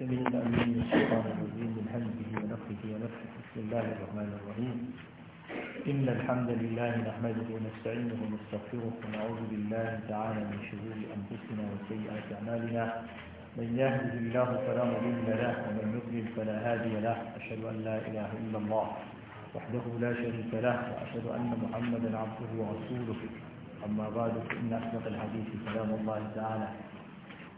السميع العليم من الرجيم من همزه ونفخه ونفخه بسم الله الرحمن الرحيم إن الحمد لله نحمده ونستعينه ونستغفره ونعوذ بالله تعالى من شرور أنفسنا وسيئات أعمالنا من يهده الله فلا مضل له ومن يضلل فلا هادي له أشهد أن لا إله إلا الله وحده لا شريك له وأشهد أن محمدا عبده ورسوله أما بعد فإن أصدق الحديث كلام الله تعالى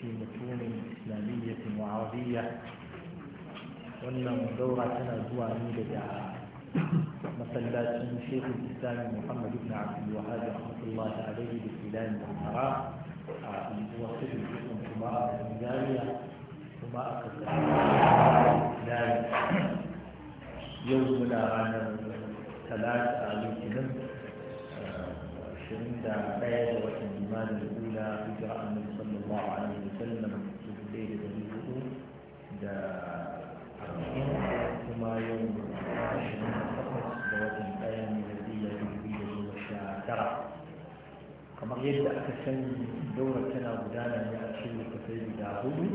في متون إسلامية وعربية وأن دورة كان هو أمير دعاء من شيخ الإسلام محمد بن عبد الوهاب رحمة الله عليه بالسلام والمراء هو سيد الإسلام ثم أخذ ثم أخذ الإسلام يوم الأغاني ثلاث آلوك نمت شرين دعا بيض وتنجمال الأولى بجراء من sallallahu alaihi wasallam dubu ɗaya da ɗari hudu da arba'in kuma yau ashirin da takwas da watan ɗaya miladiyya dubu biyu da goma sha kamar yadda aka sani daura tana gudana ne a cikin littattafai guda hudu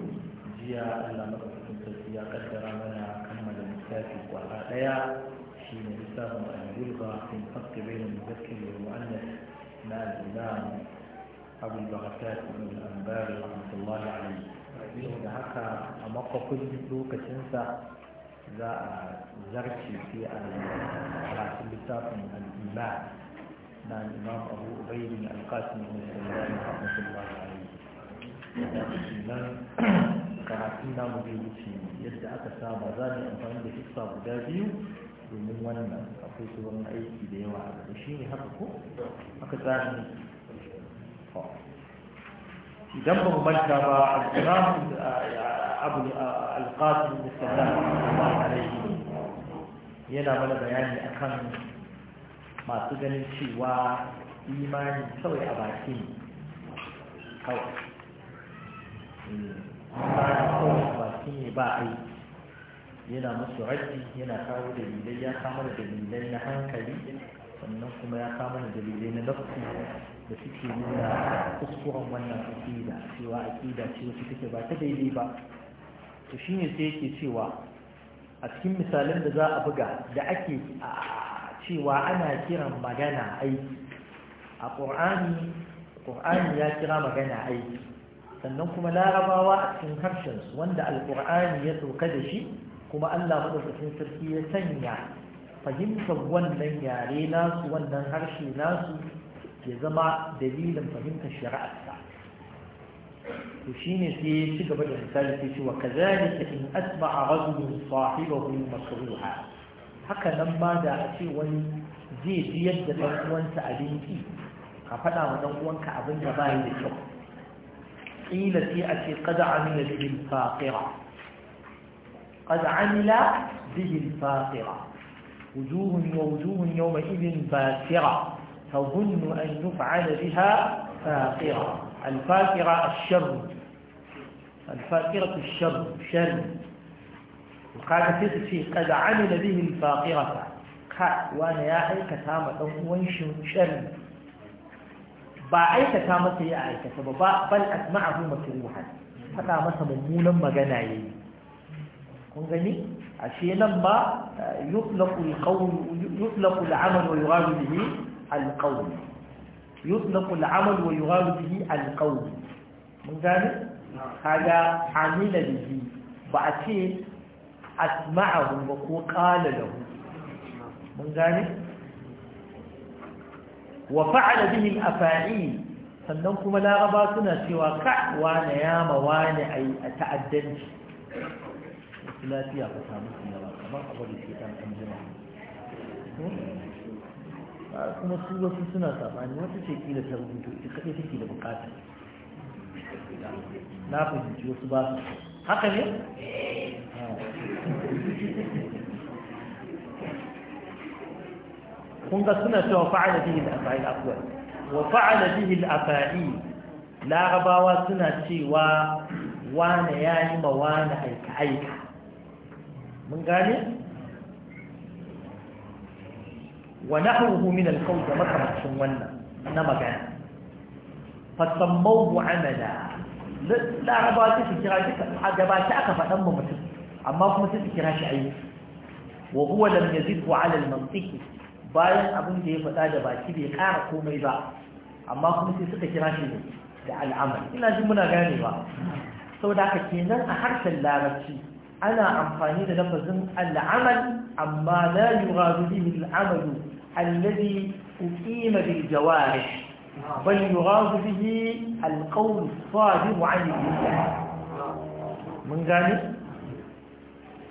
jiya allah maɗaukakin sarki ya kaddara mana kammala littafi kwara ɗaya shi ne littafin al-bulga fi haƙƙi bai da muzakkir da mu'annas na al أبو البغتات من الأنبار رحمة الله عليه يقول هكا أما قفل جدو كتنسى ذا زرشي في العاصم بتاب من الإمام نعم الإمام أبو عبيد القاسم بن سليمان رحمة الله عليه كراتينا مبيوتين يدعى كسابة ذاني أنفعين بكسا بجازيو ومن وانا أقول لهم أي كده واحد وشيني هكا فوق أكتاني idan ba mu manta ba al-imam abu da qasim bin sallam alaihi yana mana bayani akan masu ganin cewa imani kawai a baki kawai kawai a baki ne ba aiki yana musu raji yana kawo dalilai ya kama da dalilai na hankali sannan kuma ya kama da dalilai na lafi da suke nuna kuskuren wannan aƙida cewa aƙida ce wacce take ba ta daidai ba to ne sai yake cewa a cikin misalin da za a buga da ake cewa ana kiran magana aiki a ƙur'ani ƙur'ani ya kira magana aiki sannan kuma larabawa a cikin harshensu wanda alƙur'ani ya sauka da shi kuma allah maɗaukakin sarki ya sanya fahimtar wannan yare nasu wannan harshe nasu ya zama dalilin fahimtar shari'arsa to shine sai ya ci gaba da misali sai cewa kazalika in asba'a rajulun sahibahu makruha haka nan ma da a ce wani zai ji yadda ɗan uwansa abin ki ka faɗa wa ɗan uwanka abin da ba da kyau ƙila sai a ce kada amila bihin faƙira kada amila bihin faƙira wujuhun wa wujuhun yau mai ibin basira تظن أن يفعل بها فاقرة الفاقرة الشر الفاقرة الشر شر وقال تسفي قد عمل به الفاقرة قال وانا يا أي كتامة وانش شر با أي كتامة يا أيك بل أسمعه مكروحا حتى مسا ممولا مغنعي كن غني عشان لما آه، يطلق القول يطلق العمل ويراد به القول يطلق العمل ce به القول من ذلك هذا عمل به بعثي أسمعه وقال له من ذلك وفعل به الأفاعيل sannan kuma laraba suna cewa ka wa na yama wane a yi a ta'addanci lafiya ka samu su yawa kamar abu da ke ɗan kuma su wasu suna sabani wasu ce kila ta rubuto ita kaɗai take da bukata na fahimci wasu ba su haka ne? kun ga suna wa fa'ala bihi al afai afwan wa fa'ala bihi al afai larabawa suna cewa wane yi ma wane aika aika mun gane Wani nahruhu min al-qawl da makamancin wannan na magana fa sammahu amala laraba ta su kira shi a gabata aka faɗan ma mutum amma kuma ta su kira shi ayi wa huwa lam yazidhu ala al-mantiqi bayan abin da ya faɗa da baki bai ƙara komai ba amma kuma sai suka kira shi da al'amari ina jin muna gane ba Sau da haka kenan a harshen larabci ana amfani da lafazin al'amal amma la yuradu bihi al'amalu الذي أقيم بالجوارح بل يراد به القول الصادر عن اللسان من ذلك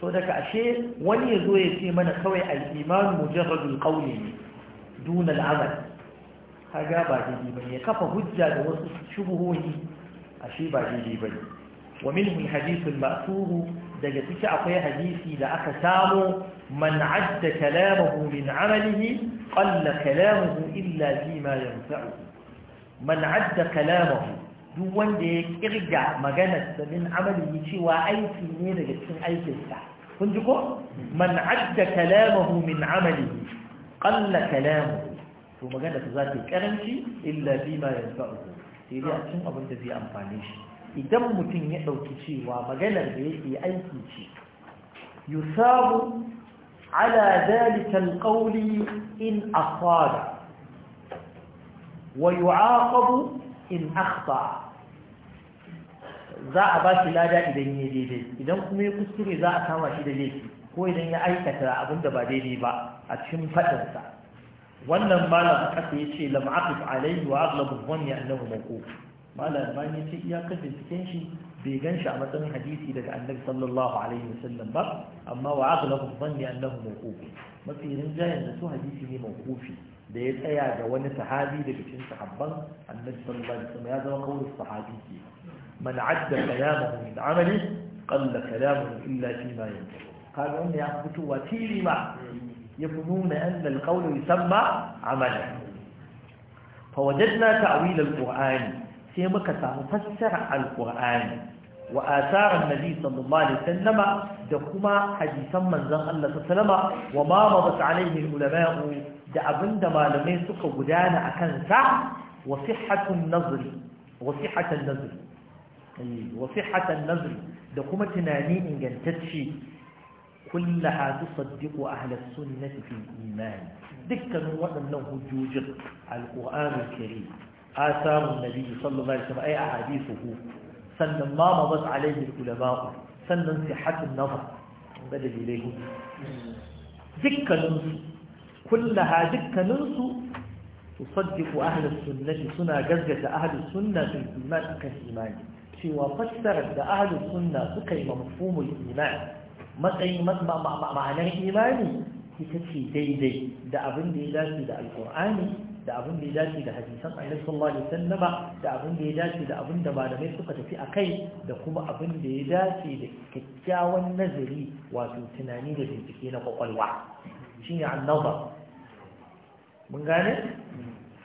سودك أشيء ولي يزوي في من كوي الإيمان مجرد القول دون العمل هذا بعد بني كفى هجة وشبهه أشيء بعد بني ومنه الحديث المأثور دقتك أقوي حديثي لأك سامو من عد كلامه من عمله قل كلامه إلا فيما ينفعه من عد كلامه duk wanda ya kirga maganarsa min amali wa aiki ne daga cikin aikinsa kun ji ko man adda kalamahu min amali qalla kalamuhu to maganarsa za ta karanci illa bima yanfa'uhu sai dai a cikin abin da zai amfane shi idan mutum ya dauki cewa maganar da yake aiki ce yusabu على ذلك القول إن أصاب ويعاقب إن أخطأ za a ba shi lada idan ya daidai idan kuma ya kuskure za a kama shi da laifi ko idan ya aikata abin da ba daidai ba a cikin faɗinsa wannan malam kasa ya ce lam aqif alayhi wa aghlabu dhanni annahu mawquf malam ban ya ce iyakar da cikin shi bai gan shi a matsayin hadisi daga annabi sallallahu alaihi wasallam ba amma wa aghlabu dhanni annahu mawquf mafi rinjayen da su hadisi ne mawqufi da ya tsaya ga wani sahabi daga cikin sahabban annabi sallallahu alaihi wasallam ya zama kauli sahabi ke man adda kalamahu min amali qalla kalamuhu illa fi ma yantahu kaga wanda ya fitowa tiri ma ya fi nuna anna al-qawlu yusamma amalan فوجدنا Al-Qur'ani. sai muka samu fassara alƙur'ani wa asarar nabi sallallahu alaihi wasallama da kuma hadisan manzon Allah sallama wa ma madat alaihi ulama'u da abinda malamai suka gudana akan sa wa sihhatun nazri wa sihhatun nazri eh, wa sihhatun nazri da kuma tunani ingantacce kullaha tusaddiqu ahli sunnati fil iman dukkan waɗannan hujjojin alqur'anul karim a samun nabi sallallahu alaihi wasallam ai a hadisuhu sannan ma mabat alaihi ulama sannan sihhatun nazar da dalilai hudu dukkanin su kullaha dukkanin su tusaddiqu ahli sunnati suna gaggata ahli sunnati iman ka iman cewa fassara da ahli sunna suka yi mafhumul iman matsayin ma'anar imani ita ce daidai da abin da ya dace da alqur'ani da abin da ya dace da hadisan annabi sallallahu da abin da ya dace da abin da malamai suka tafi a kai da kuma abin da ya dace da kyakkyawan nazari wato tunani da bincike na kwakwalwa shine annaba mun gane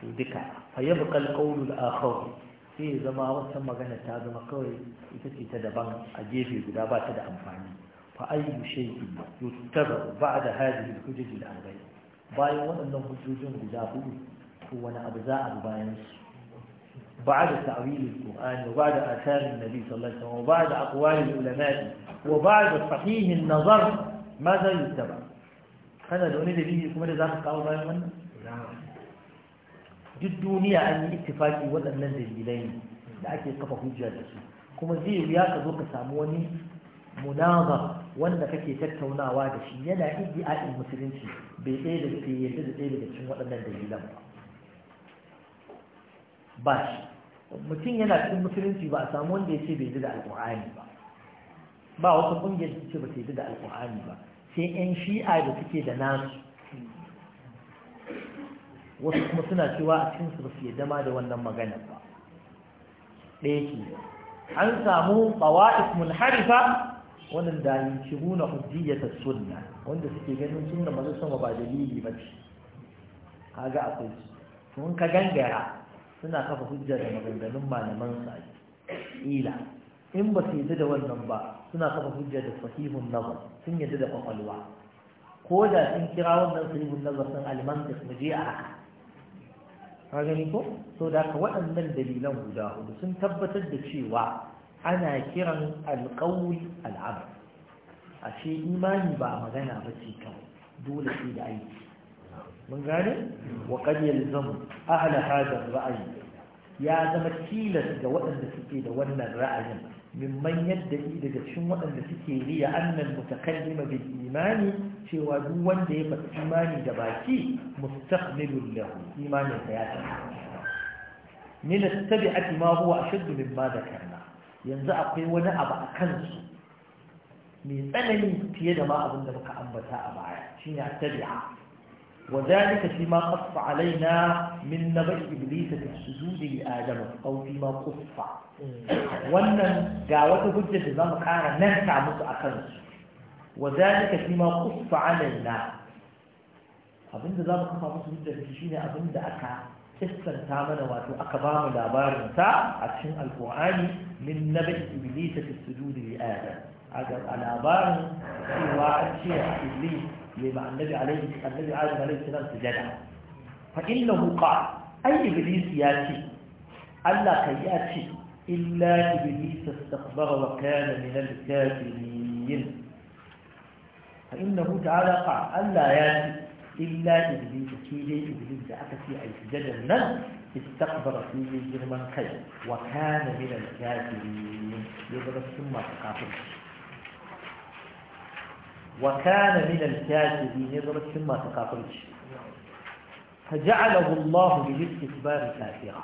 to duka fa yabqa al-qawl sai zama wata magana ta zama kawai ita ce ta daban a gefe guda ba ta da amfani fa ayyu shay'in yutabu ba'da hadhihi al-hujaj al-arba'in bayan waɗannan hujjojin guda hudu wani abu za a bayan su بعد تعويل القرآن وبعد آثار النبي صلى الله عليه وسلم وبعد أقوال العلماء وبعد صحيح النظر ماذا يتبع أنا لو أني لديه كما لذلك قالوا بايا وانا duk duniya an yi ittifaki waɗannan dalilai ne da ake kafa hujja da su kuma zai wuya ka zo ka samu wani munazar wanda kake tattaunawa da shi yana iddi'a'in musulunci bai ɗaya da yadda da ɗaya daga cikin waɗannan dalilan ba ba shi mutum yana cikin musulunci ba a samu wanda ya ce bai ji da alƙur'ani ba ba wasu ƙungiyar su ce ba ta yi da alƙur'ani ba sai 'yan shi'a da suke da nasu wasu kuma suna cewa a cikin su ba su yadda ma da wannan maganar ba ɗaya ke an samu tsawa'is mulharifa wannan da hujji ya hujjiyatar sunna wanda suke ganin sunna masu sama ba dalili ba ce kaga akwai su tun ka gangara suna kafa hujja da maganganun malaman su a ila in ba su yadda da wannan ba suna kafa hujja da fahimun nazar sun yadda da kwakwalwa ko da sun kira wannan sahihun nazar sun almantis mu je a haka ka gani ko so da ka waɗannan dalilan guda hudu sun tabbatar da cewa ana kiran alƙawul al'abar ashe imani ba magana ba ce kawai dole sai da aiki mun gane wa qad yalzamu ahla hadha ra'ayi ya zama tilas ga waɗanda suke da wannan ra'ayin mimman yadda daga cikin waɗanda suke riya ta kalli bil imani cewa duk wanda ya faɗi imani da baki mustaqbilun lahu imanin sa ya tafi min tabiati ma huwa ashaddu mimma dhakarna yanzu akwai wani abu a kansu mai tsanani fiye da ma abin da muka ambata a baya shine at-tabi'a وذلك فيما قص علينا من نبأ إبليس في السجود لآدم أو فيما قص wannan ga wata hujjar da zamu ƙara nanta musu a kansu wa zalika fima quffa abinda kafa musu hujjar shi shine abinda aka kissanta mana wato aka ba mu labarin sa a cikin alqur'ani min nabi iblis fi sujudi li adam a labarin cewa a ce iblis mai ba annabi alaihi annabi adam alaihi salam sujada fa innahu qala ay iblis ya ce Allah ya ce illa iblis istakbara wa kana min al-kafirin fa innahu ta'ala qala Allah ya ce illa iblis iblis da aka ce ai sujada nan istakbara shi ne girman kai wa kana min al-kafirin wa kana min ne zama cikin masu kafirci ta ja'alahu Allah bi istikbar kafira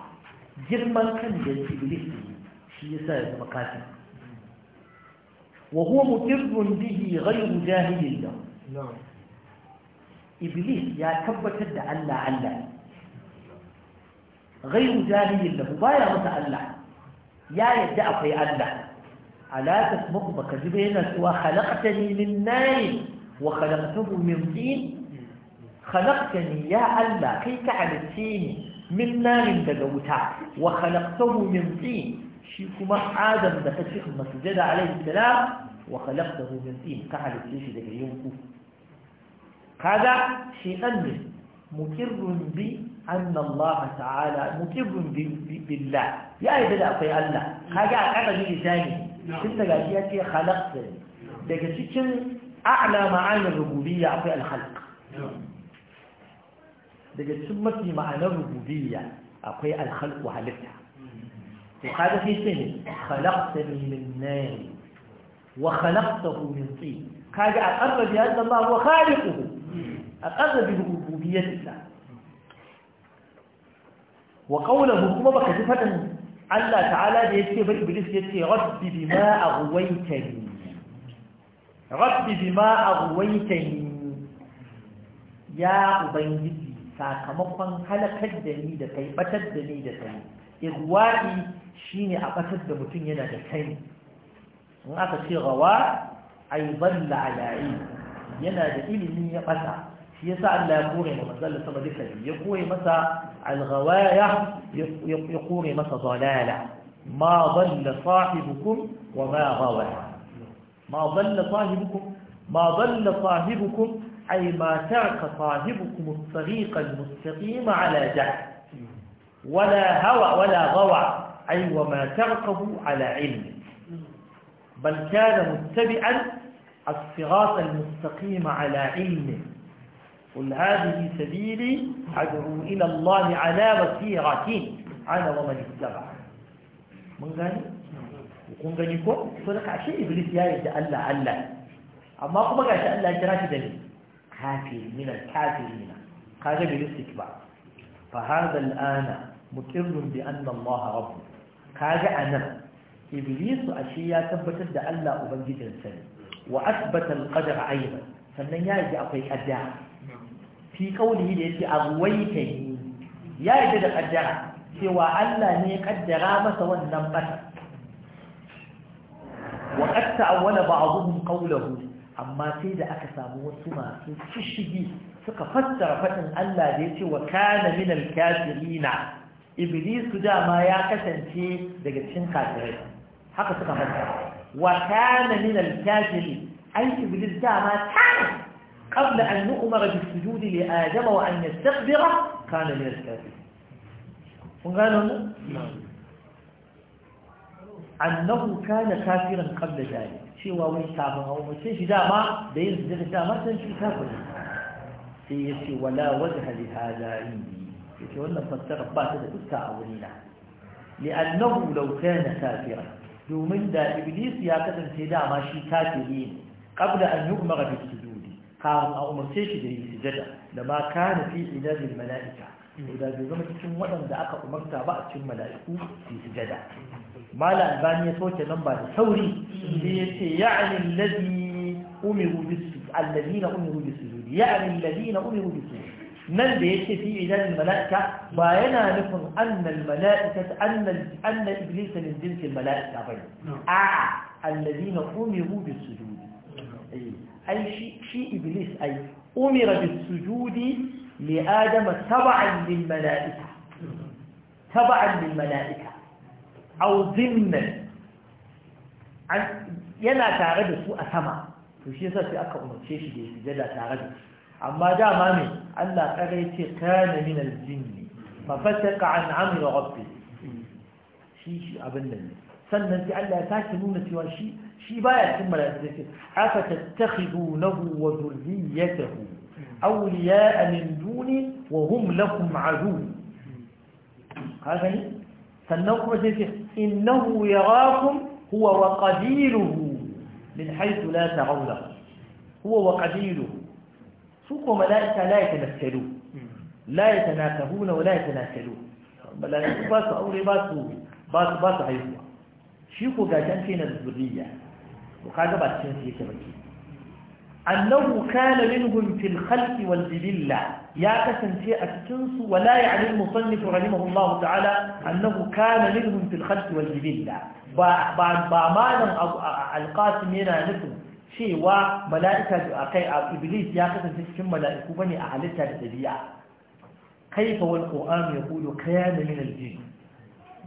girman kan da iblis shi ya zama kafir wa huwa mutirrun bihi ghayr jahilin da iblis ya tabbatar da Allah Allah ghayr jahilin da baya masa Allah ya yarda akwai Allah ألا تسمق بكذبينك وخلقتني من نار وخلقته من طين خلقتني يا الله كي على التين من نار دقوتا وخلقته من طين شيكما آدم دفتشيخ المسجد عليه السلام وخلقته من طين كعلى التين دقيونكو هذا شيئا مكر بأن الله تعالى مكر بالله يا إذا لا في الله هذا أعمل لساني tun daga ya ce halakta daga cikin a'la ma'anar rububiyya akwai alhalq daga cikin mafi ma'anar rububiyya akwai wa halitta to kaga sai ce ne khalaqtani min nar wa khalaqtahu min tin kaga aqarra bi anna Allah huwa khaliquhu aqarra bi rububiyyatillah wa qawluhu kuma baka ji fadin Allah ta'ala da ya ce ba Iblis ya ce rabbi bima aghwaytani rabbi bima aghwaytani ya ubangiji sakamakon halakar da ni da kai batar da ni da kai shi shine a batar da mutum yana da kai in aka ce gawa ay dalla ala yana da ilimi ya bata يسأل لا يقوري ممثل لسما دي فجي يقوري مثلا الغواية يقول مثلا ضلالة ما ضل صاحبكم وما غوى ما ضل صاحبكم ما ضل صاحبكم أي ما ترك صاحبكم الطريق المستقيم على جهل ولا هوى ولا غوى أي وما تركه على علم بل كان متبعا الصراط المستقيم على علمه قل هذه سبيلي أدعو إلى الله على بصيرة أنا ومن اتبع من قال kun gani ko to kashe iblis ya yi Allah Allah amma kuma gashi Allah ya kira shi da ne kafiri min al-kafirin kaga bil istikba fa hadha al-ana muqirrun bi anna Allah rabb kaga anan iblis ashe ya tabbatar da Allah ubangijinsa ne wa asbata al-qadar sannan ya yi akwai qadar fi kauli da yace abuwaitani ya yarda da kaddara cewa Allah ne ya kaddara masa wannan bata wa qad ta'awwala ba'dhum qawluhu amma sai da aka samu wasu masu fushigi suka fassara faɗin Allah da yace wa kana min al-kafirina iblis dama ya kasance daga cikin kafirai haka suka fassara wa kana min al-kafirin ai iblis dama ta? قبل أن نؤمر بالسجود لآدم وأن يستكبر كان من الكافرين وقالوا أنه كان كافرا قبل ذلك شيء وين كافر أو مشي في داما بين سجد ما تنشي كافر سيسي ولا وجه لهذا عندي يتولى فتر بات التعاونين لأنه لو كان كافرا دومن دا إبليس يا كتن سيدا ما شي كافرين قبل أن يؤمر بالسجود haram a umarce shi da yi sujada da ma kana fi idadil mala'ika da bai zama cikin waɗanda aka umarta ba a cikin mala'iku su sujada mala albani ya soke nan ba da sauri da ya ce ya ya'ani alladhi umiru bisu alladhina umiru bisu ya'ani alladhina umiru bisu nan da ya ce fi idan mala'ika ba yana nufin annal mala'ika annal annal iblis min jinsil mala'ika bane a'a alladhina umiru bisu ai shi iblis ai umira bis sujudi li adama tab'an lil mala'ika tab'an lil mala'ika aw dhimman yana tare da su a sama to yasa sai aka umarce shi da ya sujada tare da su amma dama ne Allah kare ce kana min al sannan sai Allah ya sake nuna cewa shi شي باية ثم لا تذكر أفتتخذونه وذريته أولياء من دوني وهم لكم عدو هذا لي سنقوم بذلك إنه يراكم هو وقبيله من حيث لا تعوله هو وقبيله سوق ملائكة لا يتمثلون لا يتناسهون ولا يتناسلون ملائكة باس أولي باس باس باس عيوه شيخ قاتل فينا الذرية kaga ba cikin su yake baki annahu kana minhum fil khalq wal jibilla ya kasance a cikin su wala ya'ni musannif rahimahullah ta'ala annahu kana minhum fil khalq wal jibilla ba ba ba malam alqasim yana nufin cewa mala'ika akai iblis ya kasance cikin mala'iku bane a halitta da dabi'a kaifa wal qur'an yaqulu kana min al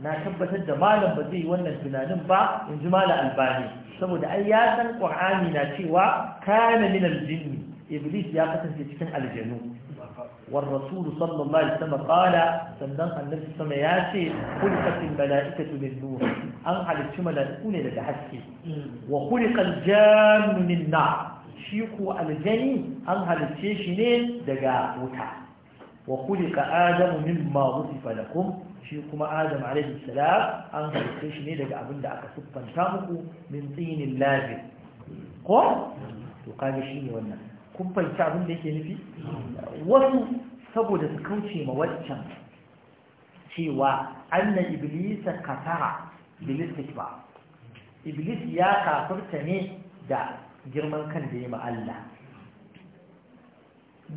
na tabbatar da malam ba zai yi wannan tunanin ba in ji malam albani saboda ai ya san qur'ani na cewa kana min aljinn iblis ya kasance cikin aljanu war rasul sallallahu alaihi wasallam qala sannan annabi sama ya ce khuliqatil malaikatu min nur an halicci malaiku ne daga haske wa khuliqal jannu min nar shi ko aljani an halicce shi ne daga wuta وخلق آدم مما وصف لكم shi kuma adam alaihi salam an halitta shi ne daga abin da aka siffanta muku min tsinin lafi ko to kage wannan kun fahimci abin da yake nufi wasu saboda su kauce ma waccan cewa anna iblisa kafara iblis ya kafirta ne da girman kan da ma Allah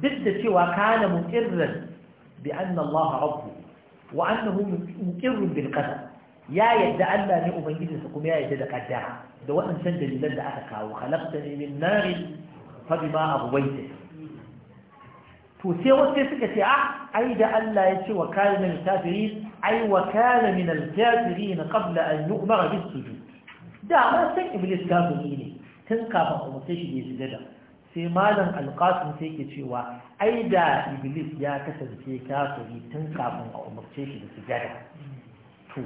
duk da cewa kana muqirran bi anna Allah rabbu wa annahu muqirrun bil qadar ya yadda Allah ne ubangijinsa kuma ya yadda da kaddara da waɗancan dalilan da aka kawo khalaqtani min nari fa bima aghwaytani to sai wasu suka ce ah ai da Allah ya ce wa kana min kafirin ai wa kana min al-kafirin qabla an yu'mara bis sujud da ma san iblis kafiri ne tun kafin umurce shi ne sujada sai malam alƙasun sai ke cewa ai da iblis ya kasance kafiri tun kafin a umarce shi da sujada to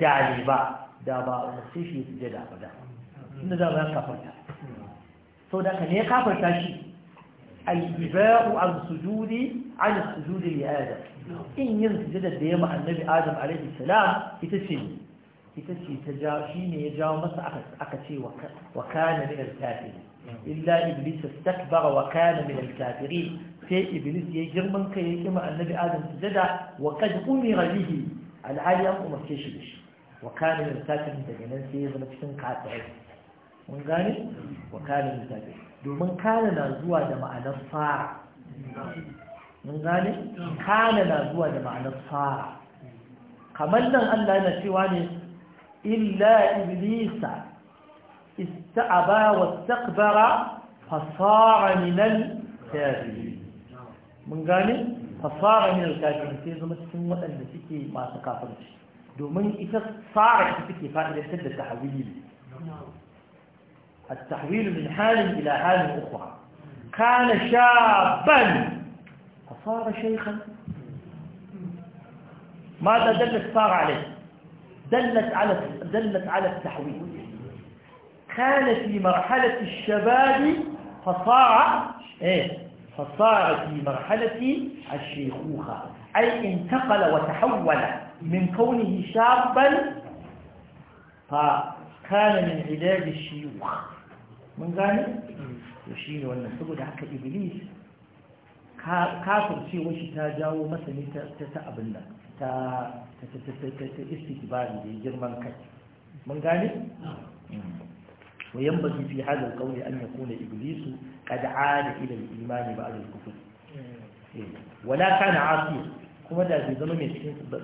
da ne ba da ba a umarce shi da sujada ba da inda za mu ya kafarta sau da ka ne ya kafarta shi al-iba'u an sujudi an sujudi li adam in yin sujada da ya annabi adam alaihi salam ita ce ita ce ta ja shine ya jawo masa aka ce wa kana min al-kafirin illa iblis istakbara wa kana min al sai iblis ya girman kai ya kima annabi adam sujada wa qad umira bihi al-ali an umarce wa kana min al-kafirin daga nan sai ya zama cikin kafirai mun gane wa kana min al domin kana na zuwa da ma'anar fara mun gane na zuwa da ma'anar fara kamar nan Allah cewa ne illa iblisa استعبى واستكبر فصار من الكاذبين من قال فصار من الكافرين في زمن سنة التي ما تكافرش دومين إذا صار تفكي فائدة سد التحويل التحويل من حال إلى حال أخرى كان شابا فصار شيخا ماذا دلت صار عليه دلت على دلت على التحويل كان في مرحلة الشباب فصاع إيه فصار في مرحلة الشيخوخة أي انتقل وتحول من كونه شابا فكان من علاج الشيوخ من قال يشيل والنسبة حق إبليس kafin cewar shi ta jawo masa ne ta وينبغي في هذا القول أن يكون إبليس قد عاد إلى الإيمان بعد الكفر ولا كان عاصيا كما دا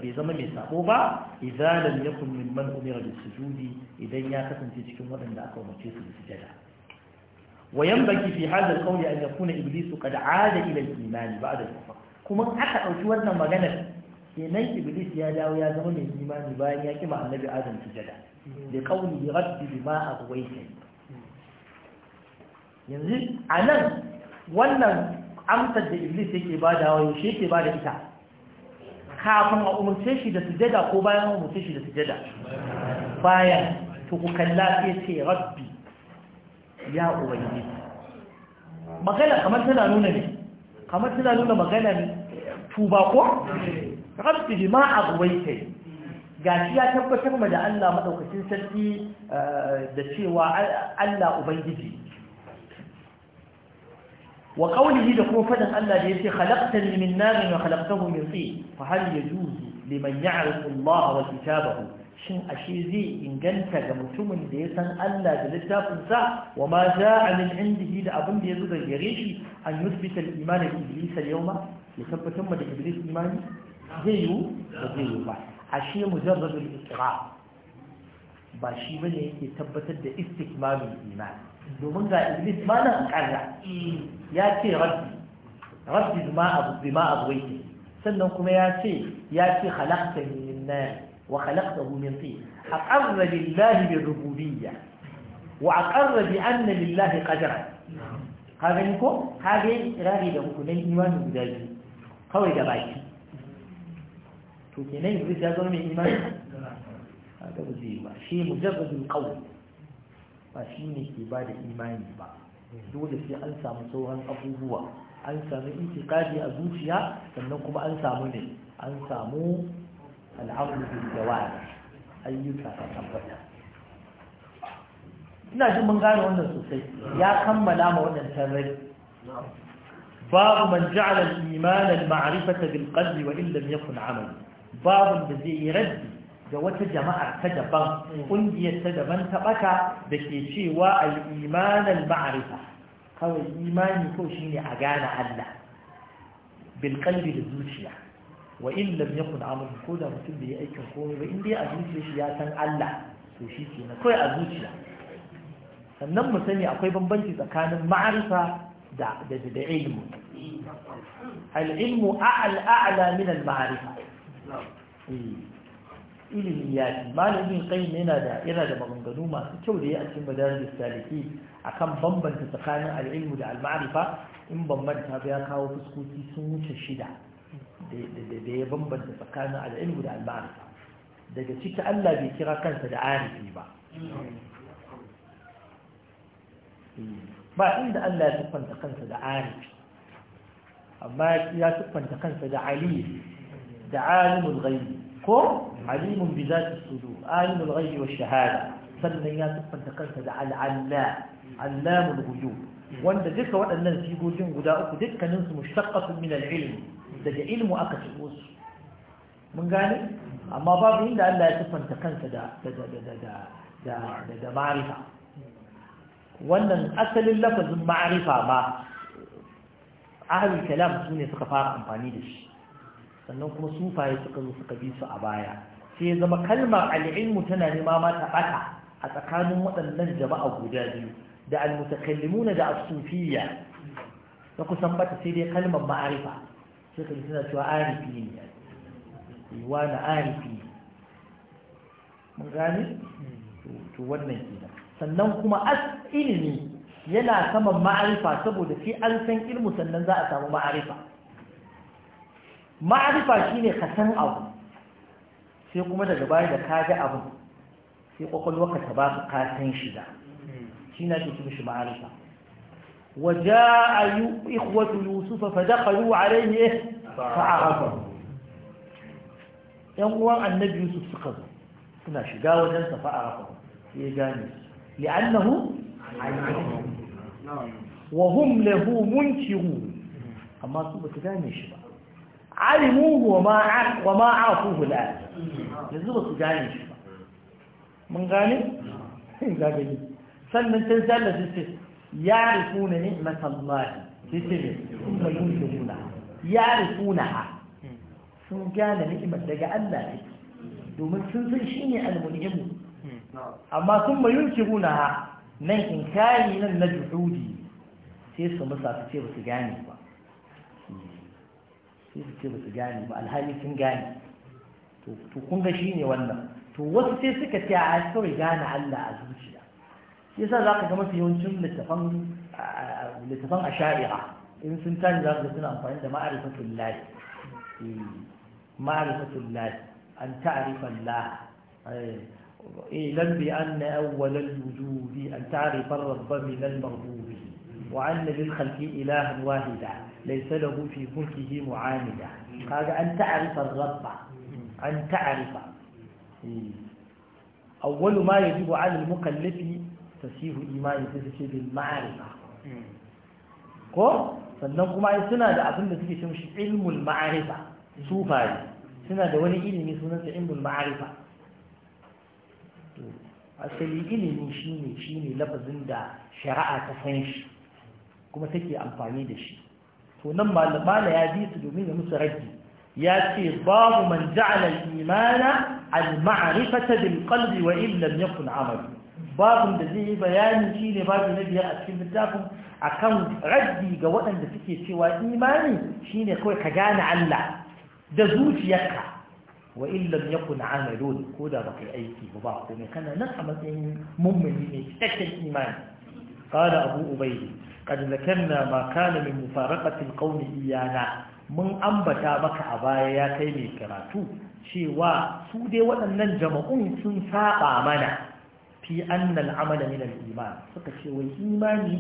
بزمن يسابوبا إذا لم يكن من من أمر بالسجود إذا يكتن تجكم وأن أقوم تجيس بالسجادة وينبغي في هذا القول أن يكون إبليس قد عاد إلى الإيمان بعد الكفر كما أحد أوتوتنا مغنى kenan iblis ya dawo ya zama mai imani bayan ya kima annabi adam sujada da kauli rabbi bima aghwaytani yanzu a nan wannan amsar da iblis yake bada wa yaushe yake bada ita kafin a umarce shi da sujada ko bayan a umarce shi da sujada bayan to ku kalla sai ce rabbi ya ubangiji magana kamar tana nuna ne kamar tana nuna maganar tuba ko rabbi bima aghwaytani gashi ya tabbatar ma da Allah maɗaukacin sarki eh, da cewa Allah ubangiji wa qawlihi da kuma fadin Allah da yace khalaqtani limin narin wa khalaqtahu min tin fa hal yajuzu liman ya'rifu Allah wa kitabahu shin ashe zai inganta ga mutumin da ya san Allah da littafinsa wa ma za'a min indihi da abin da ya zo gare shi an yusbita al-iman li yawma ya tabbatar ma da iblis imani zai yi ba zai yi ba ashe mujarradul iqrar ba shi bane yake tabbatar da istikmalul iman domin ga iblis ma nan kalla ya ce rabbi rabbi bima abu bima abwaiti sannan kuma ya ce ya ce khalaqtani min nar wa khalaqtahu min tin aqarra lillahi bi rububiyyah wa aqarra bi anna lillahi ko ka irari da hukunan imani guda biyu kawai da baki to kenan iblis ya zama mai imani kaga ba zai ba shi mujarradul qawl ba shi ne ke ba da imani ba dole sai an samu sauran abubuwa an samu intiqadi a zuciya sannan kuma an samu ne an samu al'amru bil jawari ayyuka ta tabbata ina jin mun gane wannan sosai ya kammala ma wannan tarar. babu man ja'ala al-iman marifata bil qalbi wa in lam yakun 'amalan babun da zai yi raddi da wata jama'ar ta daban mm. ƙungiyar ta daban ta ɓata da ke cewa al'imanar ma'arifa kawai imani ko shi ne a gane Allah bilkalbi da zuciya wa in ya yakun amal ko da mutum bai aikin komai ba in dai a zuciya shi ya san Allah to shi kenan kawai a zuciya sannan mu sani akwai bambanci tsakanin ma'arifa da da ilmu al'ilmu ilmu a'la min al-ma'arifa Eh. ilimi ya ci malamin qayyim yana da yana da maganganu masu kyau da ya a cikin madarijus saliki kan bambanta tsakanin al'ilmu da al-ma'rifa in bambanta ba ya kawo fuskoki sun wuce shida da ya bambanta tsakanin al'ilmu da al-ma'rifa daga ciki Allah bai kira kansa da arifi ba eh. ba inda Allah ya siffanta kansa da arifi amma ya siffanta kansa da aliyu da alimul ghaibi ko alimun bi zati sudur alimul ghaibi wa shahada sannan ya tuffanta kansa da al'alla allamul ghuyub wanda duka waɗannan sigojin guda uku dukkanin su mushaqqatun min al-ilm daga ilmu aka shigo su mun gane amma babu inda Allah ya tuffanta kansa da da da da da da ma'rifa wannan asalin lafazin ma'rifa ma ahlul kalam sune suka fara amfani da shi sannan kuma sufaye suka zo suka bi su a baya sai ya zama kalmar al'ilmu tana nema ma ta ɓata a tsakanin waɗannan jama'a guda biyu da al-mutakallimuna da as-sufiyya da kusan bata sai dai kalmar ma'arifa sai ka suna cewa arifi ne eh, wa na arifi mun gane to wannan kenan sannan kuma as ilimi yana saman ma'arifa saboda sai an san ilmu sannan za a samu ma'arifa ma'arifa shine ka san abu sai kuma daga baya da ka ga abu sai kwakwalwa ka ta baka ka san shi da shi na ke mishi ma'arifa وجاء إخوة يوسف فدخلوا عليه فأعرفهم ‘yan uwan annabi Yusuf suka zo suna shiga wajen safa a rafa ya gane su li'annahu wa hum lahu munkiru amma su basu gane shi ba alimuhu wa ma afuhu al'an yanzu ba su gane shi ba mun gane gagari sannan can sai Allah sai ya rifuna ni'mat Allah sai sai kuma yunzuna ya rifuna ha sun gane ni'mat daga Allah ne domin sun san shi ne munim amma sun mayunkiruna ha nan in inkari nan na juhudi sai su masa su ce ba su gane ba sai su ce ba su gane ba alhali sun gane to kun ga shine wannan to wasu sai suka ce a kawai gane Allah a zuciya shi yasa za ka ga mafi yawancin littafan littafan ashari'a in sun tani za ka suna amfani da ma'arifatul lahi eh, ma'arifatul lahi an ta'rifa Allah إعلم بأن أول الوجود أن تعرف الرب من المغضوب وأن للخلق إلها واحدا ليس له في ملكه معاندا هذا أن تعرف الرب أن تعرف أول ما يجب على المكلف تسيه إيمان تسيه بالمعرفة ko sannan kuma suna da abin da suke cewa shi ilmul ma'arifa sufari suna da wani ilimi sunansa ilmul ma'arifa asali ilimi shine shine lafazin da shari'a ta san shi kuma take amfani da shi to nan malamala ya bi su domin ya musu ragi. ya ce babu man ja'ala al-imana al-ma'rifata bil qalbi wa in lam yakun amal Babu da zai yi bayani shine babu na biyar a cikin littafin akan raddi ga waɗanda suke cewa imani shine kawai ka gane Allah da zuciyarka wa in lam yakun amalun ko da baka aiki ba ba komai kana nan a matsayin mummuni ne cikakken imani قال أبو أبي قد ذكرنا ما كان من مفارقة القوم إيانا من أنبتا مك عبايا كيمي كراتو شيوا سودي وأنن جمعون سنساء آمنا في أن العمل من الإيمان فكشي والإيماني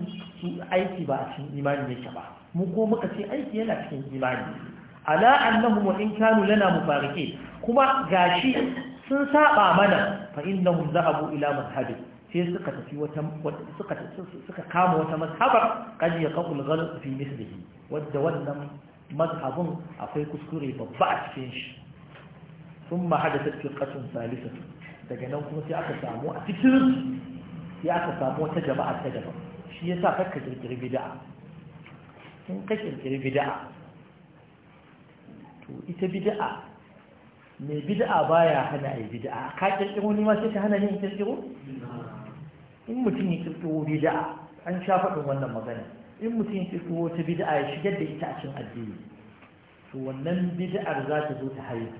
أيتي بأسين إيماني يشبه مقومك في أيتي أنا في إيماني ala annahum wa in kanu lana mufariqin kuma gashi sun saba mana fa innahum zahabu ila madhhabi sai suka tafi wata suka suka kama wata mazhabar kaji ya kafu al fi mislihi wadda wannan mazhabun akwai kuskure babba a cikin shi Sun thumma hadathat fiqatun salisatu daga nan kuma sai aka samu a cikin sai aka samu wata jama'a ta daban shi yasa kakka kirkiri bid'a in ka kirkiri bid'a to ita bid'a mai bid'a baya hana ai bid'a ka kirkiro wani ma sai ka hana ni kirkiro in mutum ya kirkiro bida'a an sha faɗin wannan magana in mutum ya kirkiro wata bida'a ya shigar da ita a cikin addini to wannan bid'ar za ta zo ta haihu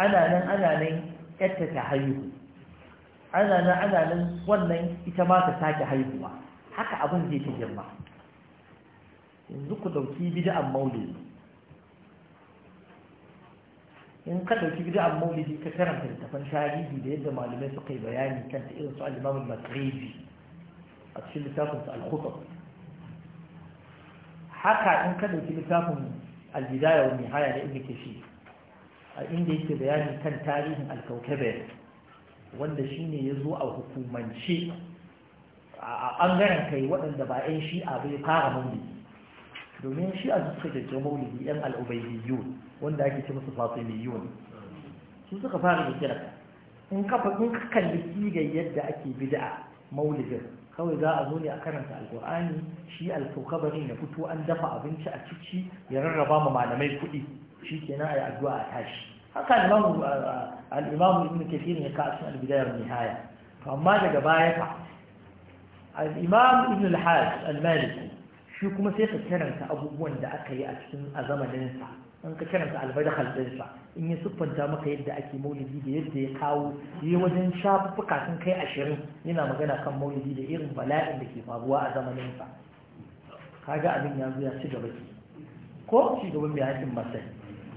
ana nan ana nan yadda ta haihu ana nan ana nan wannan ita ma ta sake haihuwa haka abin zai ta girma yanzu ku ɗauki bida'an maulidi in ka ɗauki gida a maulidi ka karanta littafan tarihi da yadda malamai suka yi bayani kan ta irin su al-imam a cikin littafin su al-khutab haka in ka ɗauki littafin al-bidaya wa nihaya da ibn shi a inda yake bayani kan tarihin al-kaukabe wanda ne ya zo a hukumance a ɓangaren kai waɗanda ba 'yan shi'a bai fara maulidi domin shi a suka kirkiri maulidi yan al'ubaidiyun wanda ake ce musu fatimiyun su suka fara kirkira in kafa in ka kalli sigar yadda ake bid'a maulidin kawai za a zo ne a karanta alkur'ani shi alkaukabarin ya fito an dafa abinci a ciki ya rarraba ma malamai kuɗi shi kenan a yi addu'a a tashi haka al'imamu ibn kafirin ya kasu albidayar nihaya to amma daga baya fa al'imamu ibn al-hajj al-maliki shi kuma sai ka karanta abubuwan da aka yi a cikin a zamaninsa an ka karanta albadakal ɗinsa in ya siffanta maka yadda ake maulidi da yadda ya kawo yi wajen shafuka sun kai ashirin yana magana kan maulidi da irin bala'in da ke faruwa a zamaninsa kaga abin ya zo ya ci gaba ke ko ci gaba mai hakin masai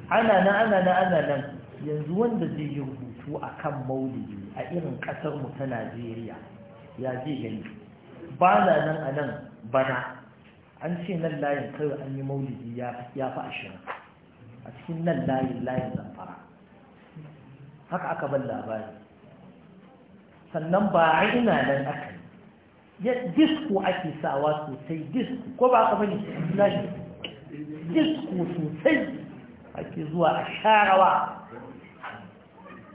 ana nan ana nan ana nan yanzu wanda zai yi rubutu a kan maulidi a irin ƙasarmu ta najeriya ya zai gani ba na nan a nan bana an ce nan layin kawai an yi maulidi ya fi ashirin a cikin nan layin layin zamfara haka aka ban labari sannan ba a ina nan aka yi ya disko ake sawa sosai disko ko ba aka bane nashi disko sosai ake zuwa a sharawa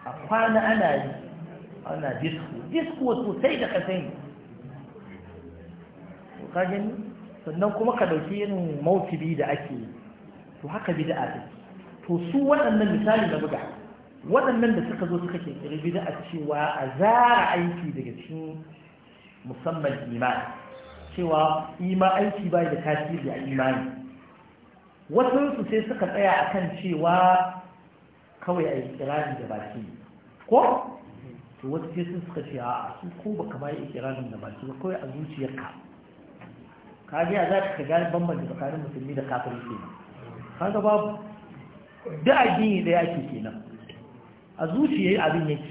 a kwana ana yi ana disko disko sosai da kasai ka gani sannan kuma ka ɗauki irin mawkibi da ake yi to haka bid'a ce to su waɗannan misali na buga waɗannan da suka zo suka kirkiri bid'a cewa a zara aiki daga cikin musamman imani cewa ima aiki bai da tasiri a imani wasu su sai suka tsaya akan cewa kawai a ikirari da baki ko to wasu sai suka ce a su ko ba kamar ikirarin da baki ba kawai a zuciyarka ka biya za ka gane bambanci tsakanin musulmi da kafirin ke kan ga babu da addini da yake kenan a zuciya yi abin yake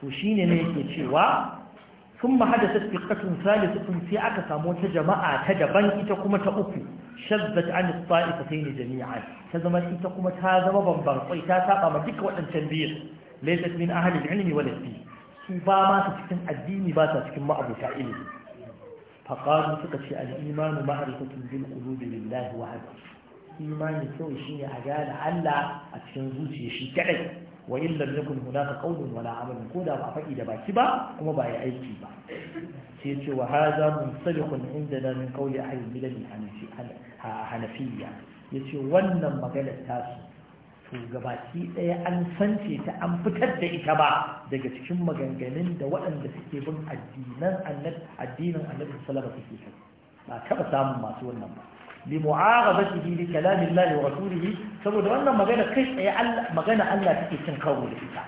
to shi ne na yake cewa tun mahada ta Salisu sali sun sai aka samu wata jama'a ta daban ita kuma ta uku shazza ta an tsa ita sai jami'a ta zama ita kuma ta zama bambam kwai ta saba ma duka waɗancan biyar laifin ahalin ilimi wadda su ba ma su cikin addini ba su cikin ma'abuta ilimi faƙaru suka ce al'imanu ma'arifatun bil da lillahi wahada imani shi shine a gane Allah a cikin zuciya shi kadai wa in lam yakun hunaka qawlun wala amalun ko da ba faɗi da baki ba kuma ba ya aiki ba sai ce wa hadha munsalikun indana min qawli ahli al Ya yace wannan maganar tasu to gabaki ɗaya an sance ta an fitar da ita ba daga cikin maganganun da waɗanda suke bin addinan annabi addinin annabi suke kai ba taɓa samun masu wannan ba li mu'arabatihi li kalamillahi wa rasulihi saboda wannan magana kai tsaye magana Allah take cin kawo da ita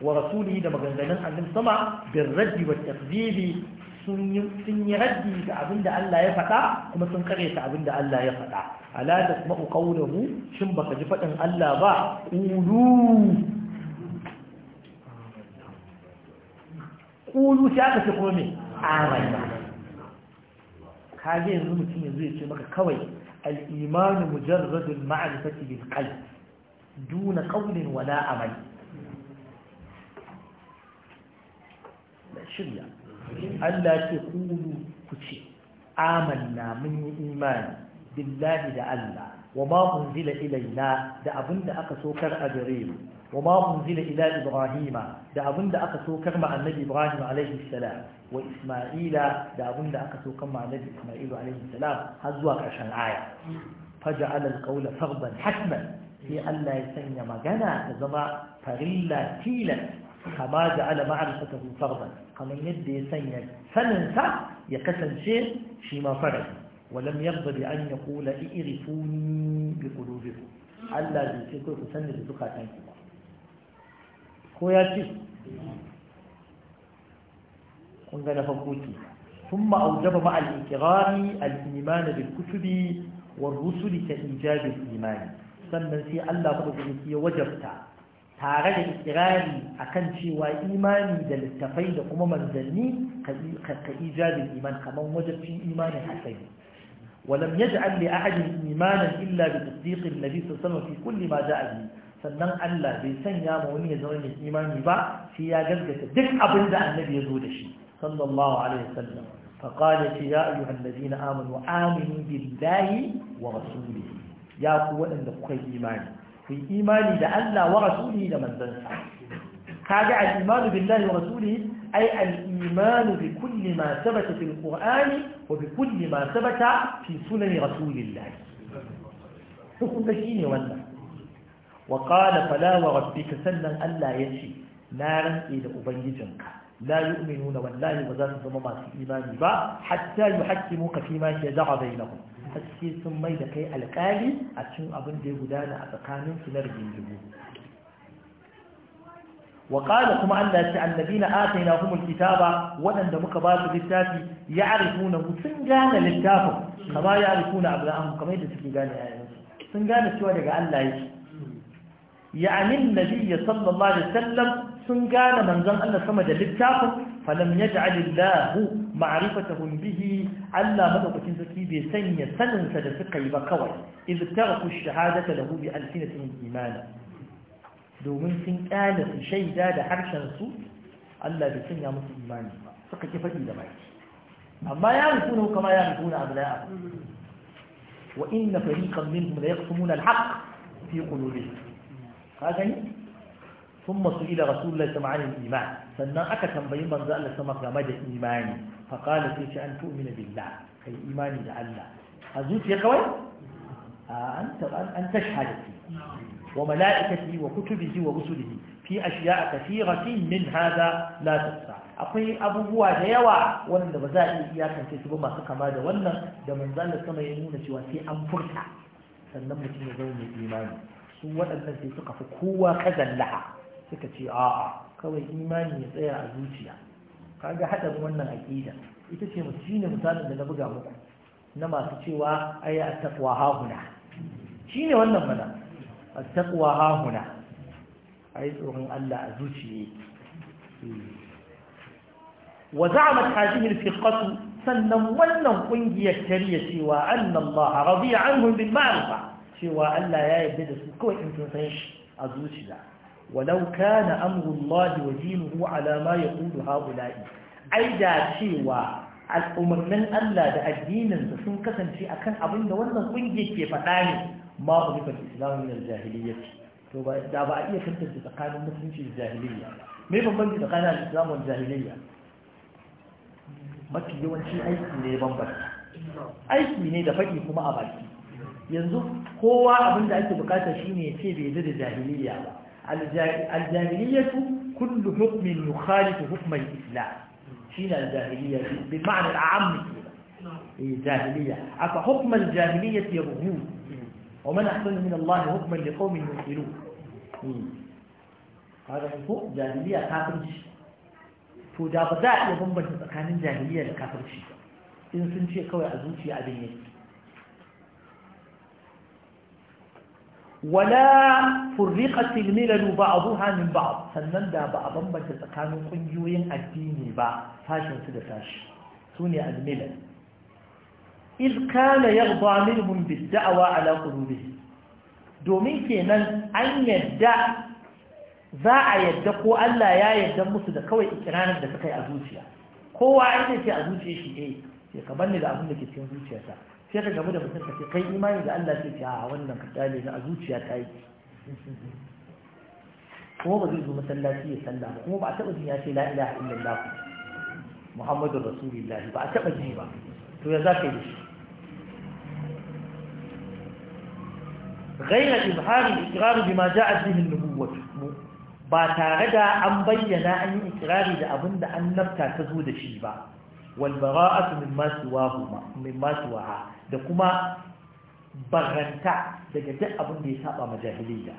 wa rasulihi da maganganun annabi sama bin raddi wa takzibi sun yi raddi ga abin da Allah ya faɗa kuma sun kare ta abin da Allah ya faɗa ala da kuma uqawluhu shin baka ji faɗin Allah ba qulu qulu sai aka ce kuma me amanna kage yanzu mutum yanzu ya ce maka kawai al-imanu mujarradul ma'rifati bil qalb duna qawlin wala amal shirya Allah ce kulu ku ce amanna mun yi imani billahi da Allah wa ma unzila ilaina da da aka sokar a gare mu wa ma unzila ila Ibrahim, da da aka sokar ma annabi ibrahim alaihi salam wa isma'ila da abinda aka sokar ma annabi isma'ila alaihi salam har zuwa ƙarshen aya faja'ala al-qawla fardan hatman sai Allah ya sanya magana ta zama farilla tilas حماد على معرفته فرضا قال يدي سيد فننسى يكسل شيء فيما فرض ولم يرضى بأن يقول إئرفوني بقلوبكم ألا يسيكم تسند بذكاة خويا خياتي قلنا لفقوتي ثم أوجب مع الإكرار الإيمان بالكتب والرسل كإيجاب الإيمان سمن في ألا فرض في وجبتها tare da ikirari akan cewa imani da littafai da kuma manzanni ka ijabin iman kamar wajabcin imanin hasari ولم يجعل لأحد إيمانا إلا بتصديق النبي صلى الله عليه وسلم في كل ما جاء به sannan Allah bai sanya ma wani ya zama mai imani ba sai ya gaskata duk abin da annabi ya zo da shi sallallahu alaihi wasallam fa qala ya ayyuha alladhina amanu aminu billahi wa rasulihi ya waɗanda kuka imani في إيماني لألّا ورسوله لمن ذنسى هذا الإيمان بالله ورسوله أي الإيمان بكل ما ثبت في القرآن وبكل ما ثبت في سنن رسول الله حكم تشيني والله وقال فلا وربك سلا ألا يشي نارا إلى أبي جنك لا يؤمنون والله وذات الضمما في إيماني با حتى يحكموك فيما شدع بينهم haske sun mai da kai alƙali a cin abin da ya gudana a tsakanin su na rigingimu وقال كما أن الذين آتيناهم الكتاب ولن دمك بات للتافي يعرفونه سنجان للتافه كما يعرفون أبناءهم كما يدسكي قال سنجان السؤال قال الله يجي يعني النبي صلى الله عليه وسلم سنجان من ظن أن سمد للتافه فلم يجعل الله معرفتهم به ألا مدوك تنزكي بسنية سنن سدفق يبقوي إذ ترك الشهادة له بألسنة من إيمان دو من سن آلة شيء داد حرشا نسو ألا بسنية من إيمان فقه كفتي دمائك أما يعرفونه كما يعرفون أبناءه وإن فريقا منهم ليقسمون الحق في قلوبهم هذا يعني ثم سئل رسول الله صلى عن الإيمان سنن أكا تنبين من ذا سمع غمد إيماني فقال فيش أن تؤمن بالله كي إيماني لعلا أزوت يا قوي أنت أن تشهد فيه وملائكته وكتبه ورسله في أشياء كثيرة من هذا لا تستطيع akwai abubuwa da yawa wanda ba za a iya iyakance ba masu kama da wannan da manzan sama ya nuna cewa sai an furta sannan mutum ya zama mai imani su waɗannan sai suka fi kowa kazallaha suka ce a'a kawai imani ya tsaya a zuciya kaga haɗarin wannan aƙida ita ce mu shine misalin da na buga muku na masu cewa ayi at-taqwa hahuna shine wannan mana at-taqwa huna. ayi tsoron Allah a zuciye wa za'amat hadhihi al-fiqatu sannan wannan kungiyar tariya cewa anna Allah radiya anhum bil ma'rifa cewa Allah ya yarda da su kawai in sun san shi a zuciya walau kana amrullahi wa dinuhu ala ma yaqulu haula'i ai da cewa al'umarnin Allah da addininsa sun kasance akan abin da wannan kungiya ke faɗa ne ma ku bi islamu min al-jahiliyya to ba da ba a iya tantance tsakanin musulunci da jahiliyya me bambanci tsakanin al-islamu da jahiliyya mafi yawanci aiki ne bambanta aiki ne da faɗi kuma a baki yanzu kowa abin da ake bukata shine ya ce bai da jahiliyya ba الجاهلية كل حكم يخالف حكم الإسلام شين الجاهلية بمعنى الأعم الجاهلية إيه، أفحكم الجاهلية يبغون ومن أحسن من الله حكما لقوم يؤمنون إيه. هذا هو جاهلية كافرش to da ba za a iya bambanta tsakanin jahiliya da kafirci in sun ولا فرقت a بعضها من بعض sannan da ba a bambanta tsakanin ƙungiyoyin addini ba sashin su da sashi sune al-milal iz kana yarda minhum bid-da'wa ala qulubihi domin kenan an yadda za a yadda ko Allah ya yadda musu da kawai ikirarin da suka yi a zuciya kowa ya ce a zuciya shi ne sai ka ni da abin da ke cikin zuciyarsa sai ka gamu da mutum ka ce kai imani da Allah sai ce a wannan ka kyale na a zuciya ta yi kuma ba zai zo masallaci ya sallah ba kuma ba a taɓa jin ya ce la ilaha illallah muhammadur rasulullah ba a taɓa ji ba to ya za ka yi da shi غير إظهار الإقرار بما جاءت به النبوة ba tare da an bayyana an yi ikirari da abin da an nafta zo da shi ba wal bara'atu masu siwahuma da kuma barranta daga duk abin da ya saba ma jahiliya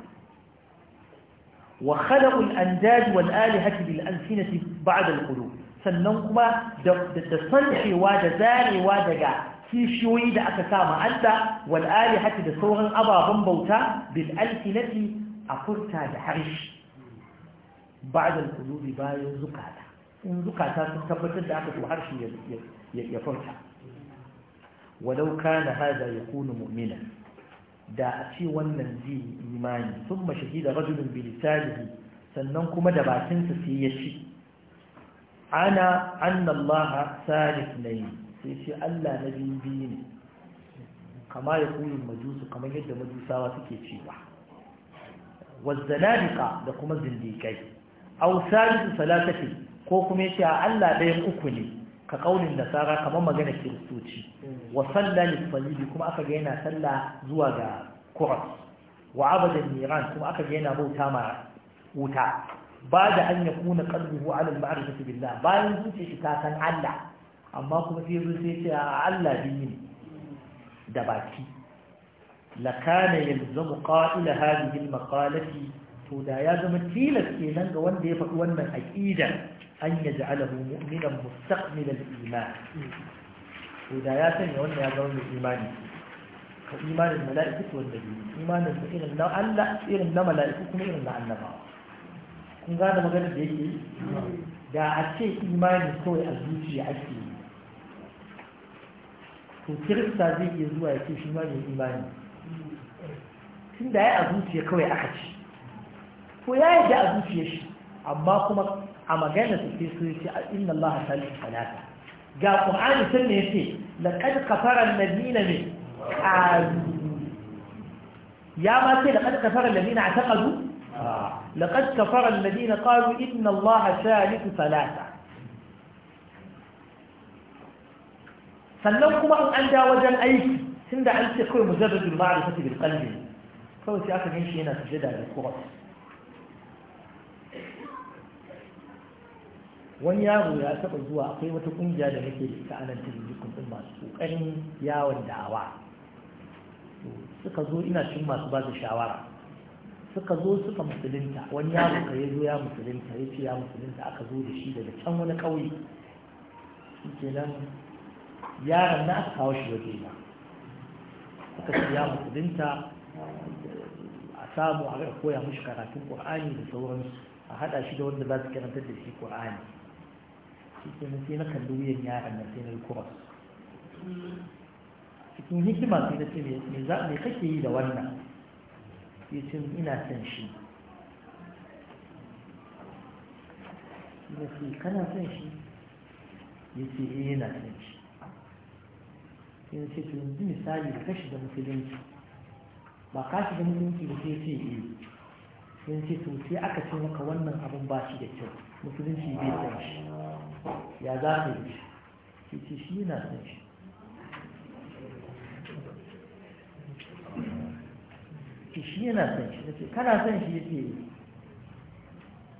wa khalaqu al andad wal alihati bil alsinati ba'da al qulub sannan kuma da da da zarewa daga kishiyoyi da aka sa ma Allah wal alihati da sauran ababen bauta bil alsinati a furta da harshe ba'da al qulub bayan zukata in zukata sun tabbatar da aka to harshe ya furta walau kana hada ya kunu mu'mina da a ce wannan zai imani sun mashahid da rajulun bilisalihi sannan kuma da bakinsa sai ya ci ana annallaha salif yi sai ce Allah na biyu ne kama ya kuni majusu kamar yadda majusawa suke cewa wazzanadika da kuma zindikai aw salisu salatati ko kuma yace a Allah ɗayan uku ne ka da nasara kamar magana kiristoci wa salla lisfalibi kuma aka ga yana zuwa ga kuras wa abadan niran kuma aka ga yana bauta ma wuta ba da an ya kuna kalbuhu ala ma'rifati billah bayan zuce shi ta san Allah amma kuma sai zo ya ce a Allah biyu ne da baki la kana yalzamu qa'ila hadhihi al-maqalati to da ya zama tilas kenan ga wanda ya faɗi wannan aqidar أن يجعله مؤمنا مستقبل الإيمان هدايات يوم يجعلون الإيمان إيمان الملائكة والنبي إيمان الملائكة لا ألا إير لما لا يكون إير لعنما كن غادا مغانا بيكي دا أتشي إيمان كوي أزوجي أتشي وكيف تازيك يزوى يكي شمان الإيمان كن دا أزوجي كوي أخش ويا يجي أزوجي أما كما a magana su sai su ce inna Allah salihu salata ga Qur'ani sun ne yace laqad kafara alladina min ya ma ce laqad kafara alladina ataqadu laqad kafara alladina qalu inna Allah salihu salata sannan kuma an da wajen aiki tunda an ce kawai mujarradul ma'rifati bil qalbi kawai sai aka ganshi yana sujada da qur'ani wani yaro ya taba zuwa akwai wata ƙungiya da nake da ita anan telebikun ɗin masu kokarin yawon dawa suka zo ina cin masu ba su shawara suka zo suka musulunta wani yaro ka ya zo ya musulunta ya ce ya musulunta aka zo da shi daga can wani ƙauye ke nan yaron na aka kawo shi waje na suka ce ya musulunta a samu a koya mushi karatun ƙur'ani da sauransu a haɗa shi da wanda za su karantar da shi ƙur'ani shi sai na kalli wuyan yaran na sai na yi kuras cikin hikima sai na ce me za me kake yi da wannan ya ce ina son shi ya kana son shi ya ce eh yana son shi na ce to yanzu misali da kashi da musulunci ba kashi da musulunci da sai ce eh sai ce to sai aka ce maka wannan abin ba shi da kyau musulunci bai san shi ya za ka yi shi ce shi yana son shi ce shi yana son shi na ce kana son shi ya ce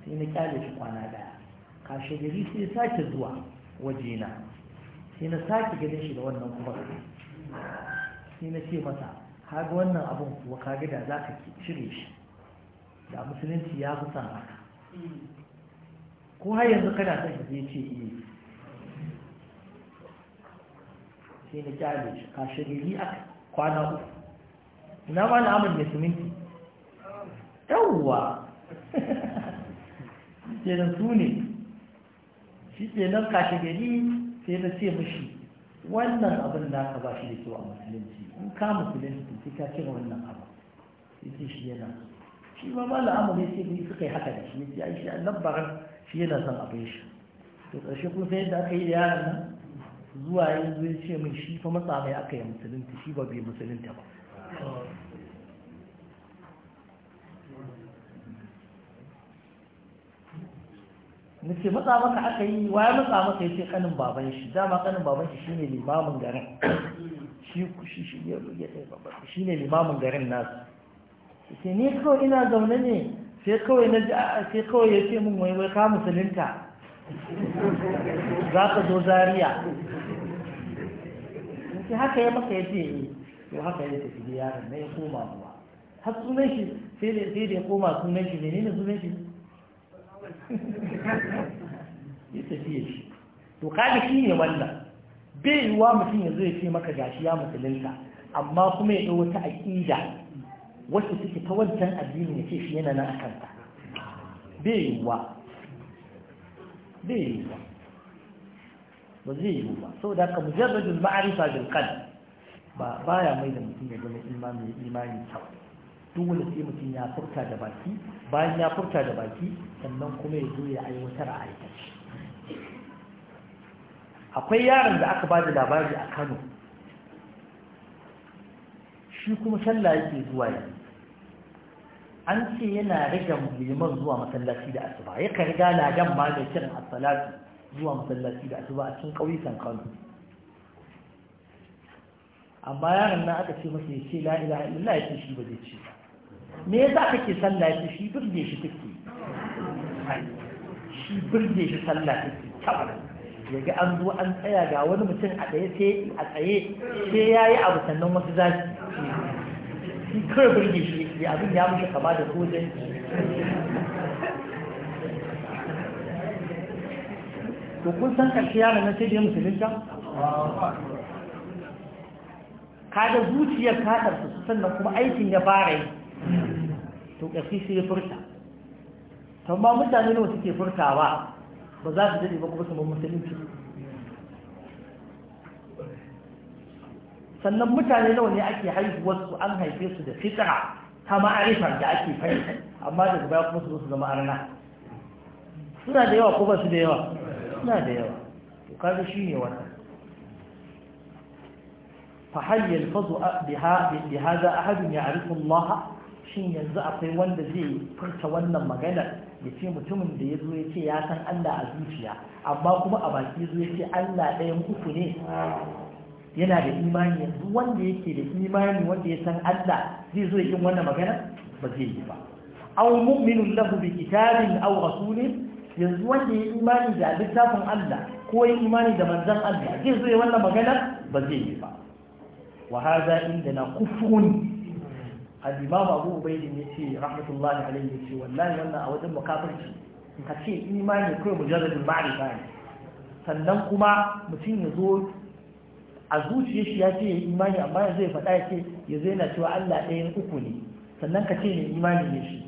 sai na kyale shi kwana daya kashe gari sai sake zuwa wajena sai na sake ganin shi da wannan kuma sai na ce masa kaga wannan abin kuwa kaga da za ka cire shi da musulunci ya fi son haka ko har yanzu kana son shi ce iya eh. sai na kyale shi ka shiriri a kwana uku ina ma na amur mai siminti yawwa ke da su ne shi ke nan ka gari sai na ce mashi wannan abin da aka ba shi da kyau a musulunci in ka musulunci sai ka cire wannan abu sai ce shi yana shi ma ma la'amari sai suka yi haka da shi ya ce ai shi annabaran shi yana son a bai shi to ƙarshe kuma sai yadda aka yi da yaran nan zuwa yanzu ya ce min shi fa matsa mai aka yi musulunta shi ba bai musulunta ba na ce matsa maka aka yi waye matsa maka ya ce kanin baban shi dama kanin baban shi shine limamin garin shi shi shi ne limamin garin nasu ce ne kawai ina zaune ne sai kawai na ji sai kawai ya ce min wai wai ka musulunta za ka zo zariya sai haka ya maka ya ce yi eh. to haka ya tafi da yaron na ya koma kuma har sunan shi sai da ya koma sunan shi menene sunan shi ya tafi ya shi to kaga shi ne wannan bai wa mutum ya zo ya ce maka gashi ya musulunta amma kuma ya ɗau wata aƙida wacce suke ta wancan addini ya ce shi yana na akanta bai yiwuwa ba zai yi ba sau da ka mujarrajin ma'arifa bil qad ba baya mai da mutum ya zama imani imani kyau duk wanda sai mutum ya furta da baki bayan ya furta da baki sannan kuma ya zo ya aiwatar a aikace akwai yaron da aka bada labari a Kano shi kuma sallah yake zuwa yanzu an ce yana riga liman zuwa masallaci da asuba ya ka riga ladan ma da kin asalatu zuwa masallaci da asuba a cikin ƙauyukan kano amma yaron nan aka ce masa ya ce la ilaha illallah ya ce shi ba zai ce me yasa kake sallah ya ce shi birge shi take shi burge shi sallah take tabbata yaga an zo an tsaya ga wani mutum a tsaye sai a tsaye sai yayi abu sannan wasu zaki. shi kar birge shi ya abin ya mushi kama da sojan to kun san karshe yaran na sai da Ka da zuciyar kadar su sannan kuma aikin ya fara yi to ƙarfi sai ya furta amma mutane nawa suke furtawa ba za su daɗe ba kuma saman musulunci sannan mutane nawa ne ake haihuwarsu an haife su da fitra ta ma'arifa da ake fari amma da baya kuma su zama arna suna da yawa ko ba su da yawa suna da yawa to kaga shi ne wannan فهل biha bi hada أحد ya'rifu Allah shin yanzu akwai wanda zai furta wannan maganar ya ce mutumin da ya zo ya ce ya san Allah a zuciya amma kuma a baki zo ya ce Allah ɗayan uku ne yana da imani yanzu wanda yake da imani wanda ya san Allah zai zo yin wannan magana ba zai yi ba aw mu'minun lahu bi kitabin aw rasulin yanzu wanda ya imani da littafin Allah ko ya imani da manzon Allah zai zo yin wannan magana ba zai yi ba wa hadha indana kufrun al-imam Abu Ubayd yace rahmatullahi alayhi yace wallahi wannan a wajen makafirci ka ce imani kawai mujarradul ma'rifa ne sannan kuma mutum ya zo a zuciya shi ya ce ya imani amma yanzu ya faɗa ya ce ya zai na cewa Allah ɗayan uku ne sannan ka ce ne imani ne shi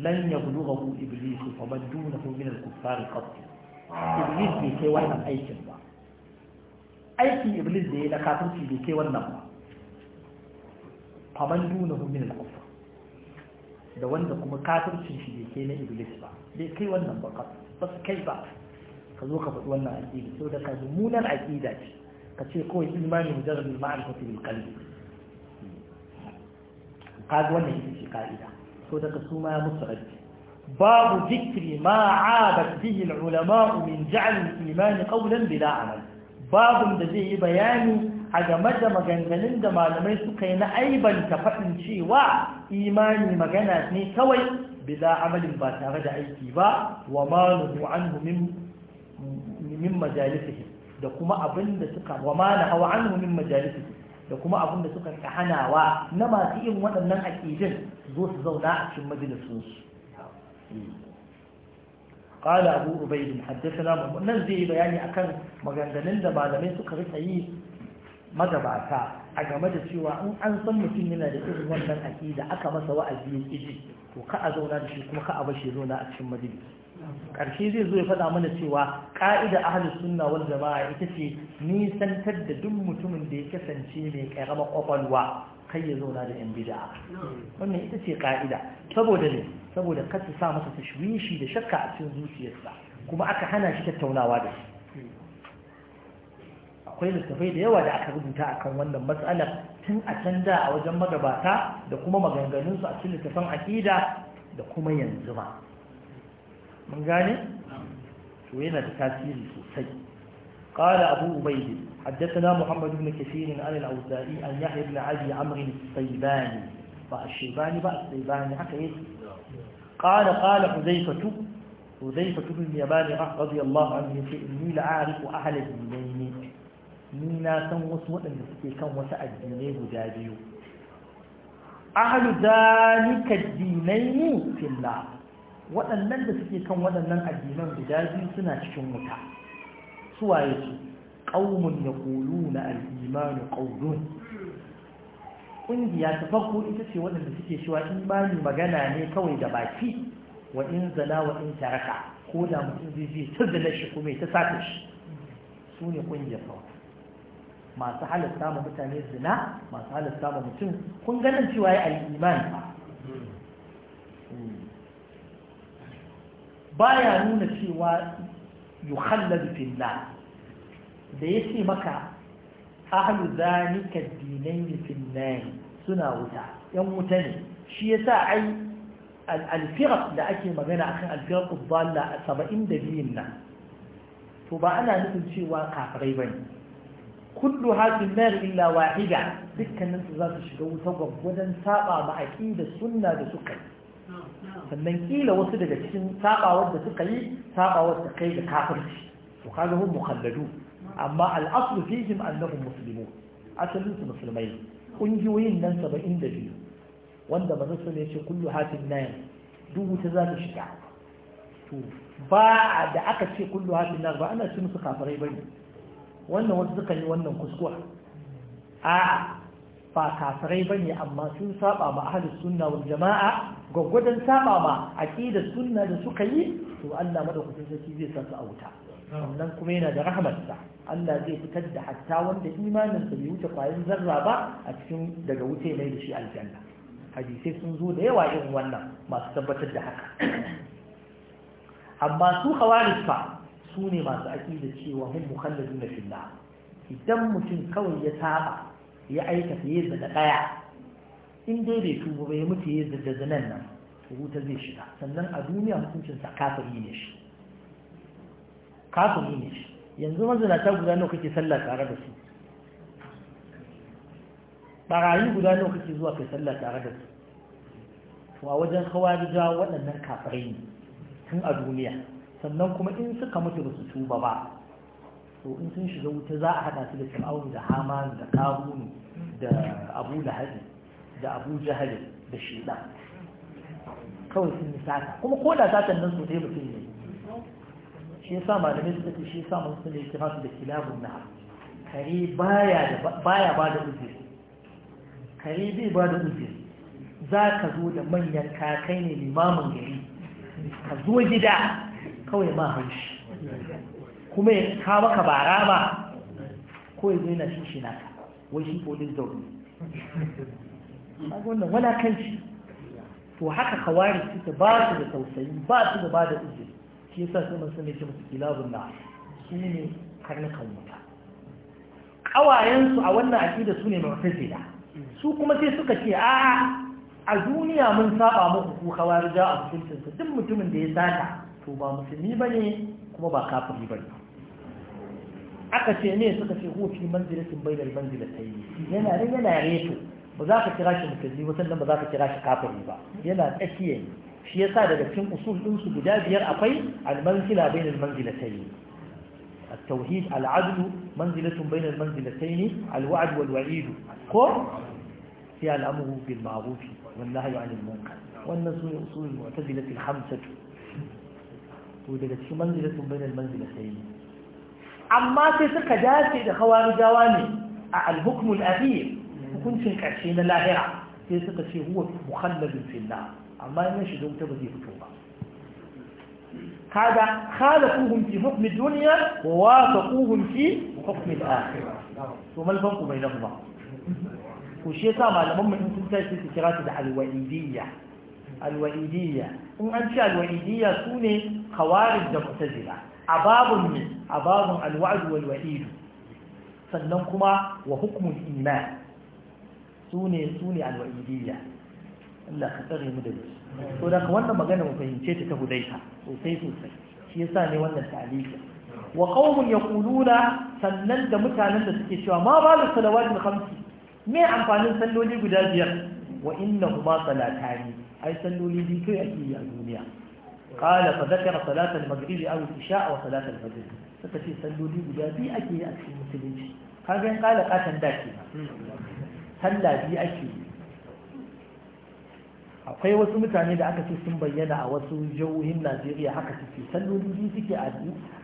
lan ya ku iblis fa na ku min ku fara qat iblis bai kai wannan aikin ba aikin iblis da ya da kafirci bai kai wannan ba fa man na ku al ku da wanda kuma kafircin shi bai kai na iblis ba bai kai wannan ba ba kai ba ka zo ka faɗi wannan aƙida saboda ka mummunan aƙida ce ka ce kawai imani mujarrabin ma'arifatu bil qalbi kaga wannan ita ka'ida so daga su ma musu rabbi babu zikri ma abat bihi al ulama min ja'al al iman qawlan bila amal babun da zai yi bayani a game da maganganun da malamai suka yi na aibanta faɗin cewa imani magana ne kawai bila amalin ba tare da aiki ba wa ma nuhu anhu min min majalisihim da kuma abin da suka na hawa anhu min da kuma abin da hana wa na masu yin waɗannan aƙidin zo su zauna a cikin majalisunsu قال أبو عبيد حدثنا مؤمن زي بياني أكن مغنغنين da malamai suka rika yi magabata a game da cewa in an san mutum yana da irin wannan aƙida aka masa wa'azi ya ƙiji to zauna da shi kuma ka a bashi zauna a cikin majalis ƙarshe zai zo ya faɗa mana cewa ƙa'ida a halin suna wani jama'a ita ce nisantar da duk mutumin da ya kasance mai ƙarama ƙwaƙwalwa kai ya zauna da yan bid'a wannan ita ce ƙa'ida saboda ne saboda kar sa masa ta shi da shakka a cikin zuciyarsa kuma aka hana shi tattaunawa da shi akwai littafai da yawa da aka rubuta akan wannan matsalar tun a can da a wajen magabata da kuma maganganunsu a cikin littafan aƙida da kuma yanzu ma mun gane to yana da tasiri sosai qala حدثنا محمد بن كثير عن الأوزائي عن يحيى بن علي عمرو الصيباني فالشيباني بقى الصيباني حكى إيه قال قال حذيفة حذيفة بن يبان رضي الله عنه إني لأعرف أهل الدينين منا كان وسوء أن تكي كان الدينين جاديو أهل ذلك الدينين في الله waɗannan da suke kan waɗannan addinan guda biyu suna cikin wuta suwaye su ƙaumun ya na al'imanu ƙaunun ƙungiya ta farko ita ce waɗanda suke cewa imani magana ne kawai da baki wa in zana wa in taraka ko da mutum zai zai ta zana shi kuma ta sata shi su ne ƙungiyar farko masu halatta ma mutane zina masu halatta ma mutum kun ganin cewa ya al'imani ba baya nuna cewa yukhalladu fillah da yace maka ahlu zalika dinain fillah suna wuta yan wuta ne shi yasa ai alfira da ake magana akan al a saba'in da biyun nan to ba ana nufin cewa kafirai bane kullu hadin nar illa wahida dukkanin su za su shiga wuta gwaggwadon saba ma da sunna da suka yi sannan kila wasu daga cikin sabawar da suka yi sabawar da kai da kafirci to kaga hum mukhalladu amma al'aslu fihim annahum muslimun asalin su musulmai kungiyoyin nan 72 wanda manzo sun yace kullu hatin nan duk wuta za ta shiga to ba da aka ce kullu hatin nan ba ana cin musu kafirai bane wannan wasu suka yi wannan kuskure a'a ba kafirai bane amma sun saba ma ahlus sunna wal jama'a gwaggwadon saba ma aqida sunna da suka yi to Allah madaukakin sarki zai sa su a wuta sannan kuma yana da rahamarsa, Allah zai fitar da hatta wanda imanin bai wuce kwayan zarra ba a cikin daga wuce mai da shi aljanna hadisai sun zo da yawa irin wannan masu tabbatar da haka amma su khawarij su ne masu aqida cewa hum mukhalladun na nar idan mutum kawai ya saba ya aikata yadda da daya in dai bai tuba bai mutu ya da zinan nan to wuta zai shiga sannan a duniya hukuncin sa kafiri ne shi kafiri ne shi yanzu mazinata guda nawa kake sallah tare da su barayi guda nawa kake zuwa kai sallah tare da su to a wajen da waɗannan kafirai ne tun a duniya sannan kuma in suka mutu ba su tuba ba to in sun shiga wuta za a haɗa su da fir'aunu da hamanu da kahunu da abu da haɗi da abu jahalin da shi shida kawai sun yi sata kuma ko da satan nan su dai mutum ne shi sa malamai suka ce shi yasa mun sune kira su da kilabun na kare baya ba da uzir kare bai ba da uzir za ka zo da manyan kakai ne limamin gari ka zo gida kawai ma haushi kuma ya ka maka bara ba ko zai na yana shi shi naka wai shi kodin zaune wannan wala kanci to haka kawari suke ba su da tausayi ba su da ba da izini shi yasa sai mun sani ce musu kilabun na su ne karnukan wuta su a wannan aƙida su ne mu'tazila su kuma sai suka ce a a duniya mun saba muku ku kawari da a mutuncin duk mutumin da ya sata to ba musulmi bane kuma ba kafiri bane aka ce ne suka ce huwa fi manzilatin bainal manzilatayn yana da yana reto ba za ka kira shi mukazi ba sannan ba za ka kira shi kafiri ba yana tsakiya ne shi yasa daga cikin usul din su guda biyar akwai al-manzila bain al-manzilatayn at-tauhid al-adl manzilatun bain al-manzilatayn al-wa'd wal-wa'id ko sai al-amru bil ma'ruf wal nahyi 'anil munkar wannan su ne usul mu'tazilati al-khamsatu to daga cikin manzilatun bain al-manzilatayn amma sai suka dace da khawarijawa ne a al-hukm al-akhir كن في كاسين لاهرة في تقسي هو مخلد في النار أما إيش دوم تبدي فتوبة هذا خالفوهم في حكم الدنيا ووافقوهم في حكم الآخرة وما الفرق بينهما؟ وشيء ما لما من تنتهي في الكرات الوالدية الوالدية إن أنت الوالدية سوني خوارج مبتذلة أباب من أباب الوعد والوئيد سنمكما وحكم الإيمان su ne su alwa'idiyya Allah ka tsare mu da su to da wannan magana mu fahimce ta ta hudaita sosai sosai shi yasa ne wannan ta'aliki wa qaumun yaquluna sannan da mutanen da suke cewa ma ba da salawatul khamsi me amfanin salloli guda biyar wa innahuma salatani ai salloli biyu kai ake yi a duniya قال فذكر صلاة Saka ce salloli guda biyu ake yi a cikin musulunci. أكي مسلمين هذا قال da ke. sallah biyu ake akwai wasu mutane da aka ce sun bayyana a wasu jihohin najeriya haka suke salloli biyu suke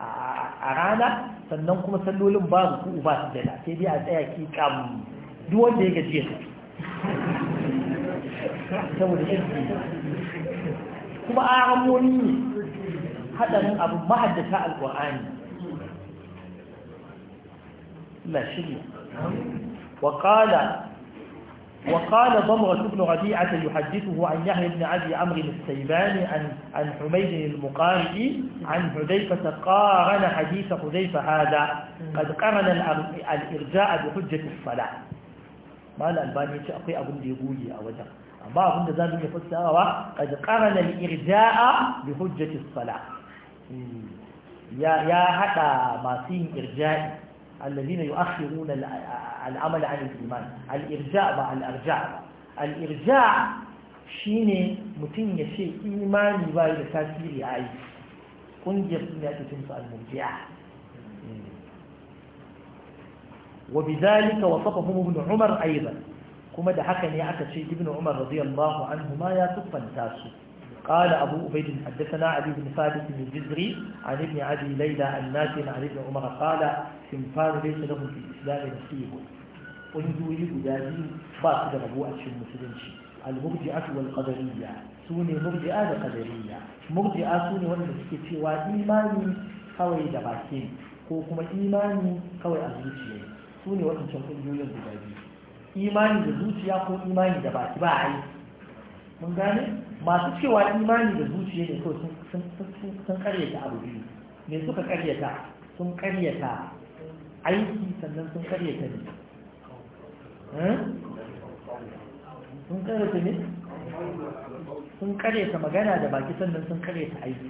a rana sannan kuma sallolin ba ku ba su jana sai dai a tsaya ki kam duk wanda ya gaji ya saboda shi kuma a ramoni ne haɗarin abu mahaddata alƙur'ani la shirya wa qala وقال ضمرة بن ربيعة يحدثه عن يحيى بن عدي عمرو السيباني عن عن حميد المقارئ عن حذيفة قارن حديث حذيفة هذا قد قرن الإرجاء بحجة الصلاة ما الألباني شأقي أبو ديبولي أو وجه أما أبو ديبولي يفسر قد قرن الإرجاء بحجة الصلاة يا يا هذا ما فيه إرجائي الذين يؤخرون العمل عن الإيمان الإرجاء مع الأرجاع بقى الإرجاع شيني متين يشي إيمان باي لتاثير أي قنجر سنة تنسى المرجعة وبذلك وصفهم ابن عمر أيضا كما دحكني يعكس شيء ابن عمر رضي الله عنهما يا تفن تاسو قال أبو أبيد حدثنا علي بن ثابت بن الجزري عن ابن عدي ليلى الناس عن ابن عمر قال fara dai su lahu fi islami nasibu ƙungiyoyi guda biyu ba su da rabo a cikin musulunci al-murji'atu wal qadariyya su ne murji'a da qadariyya murji'a su ne wanda suke cewa imani kawai da baki ko kuma imani kawai a zuciya su ne waɗancan ƙungiyoyin guda biyu imani da zuciya ko imani da baki ba a yi mun gane masu cewa imani da zuciya ne kawai sun karyata abu biyu me suka karyata sun karyata aiki sannan sun karyata ne eh? sun ta ne sun ta magana da baki sannan sun karyata aiki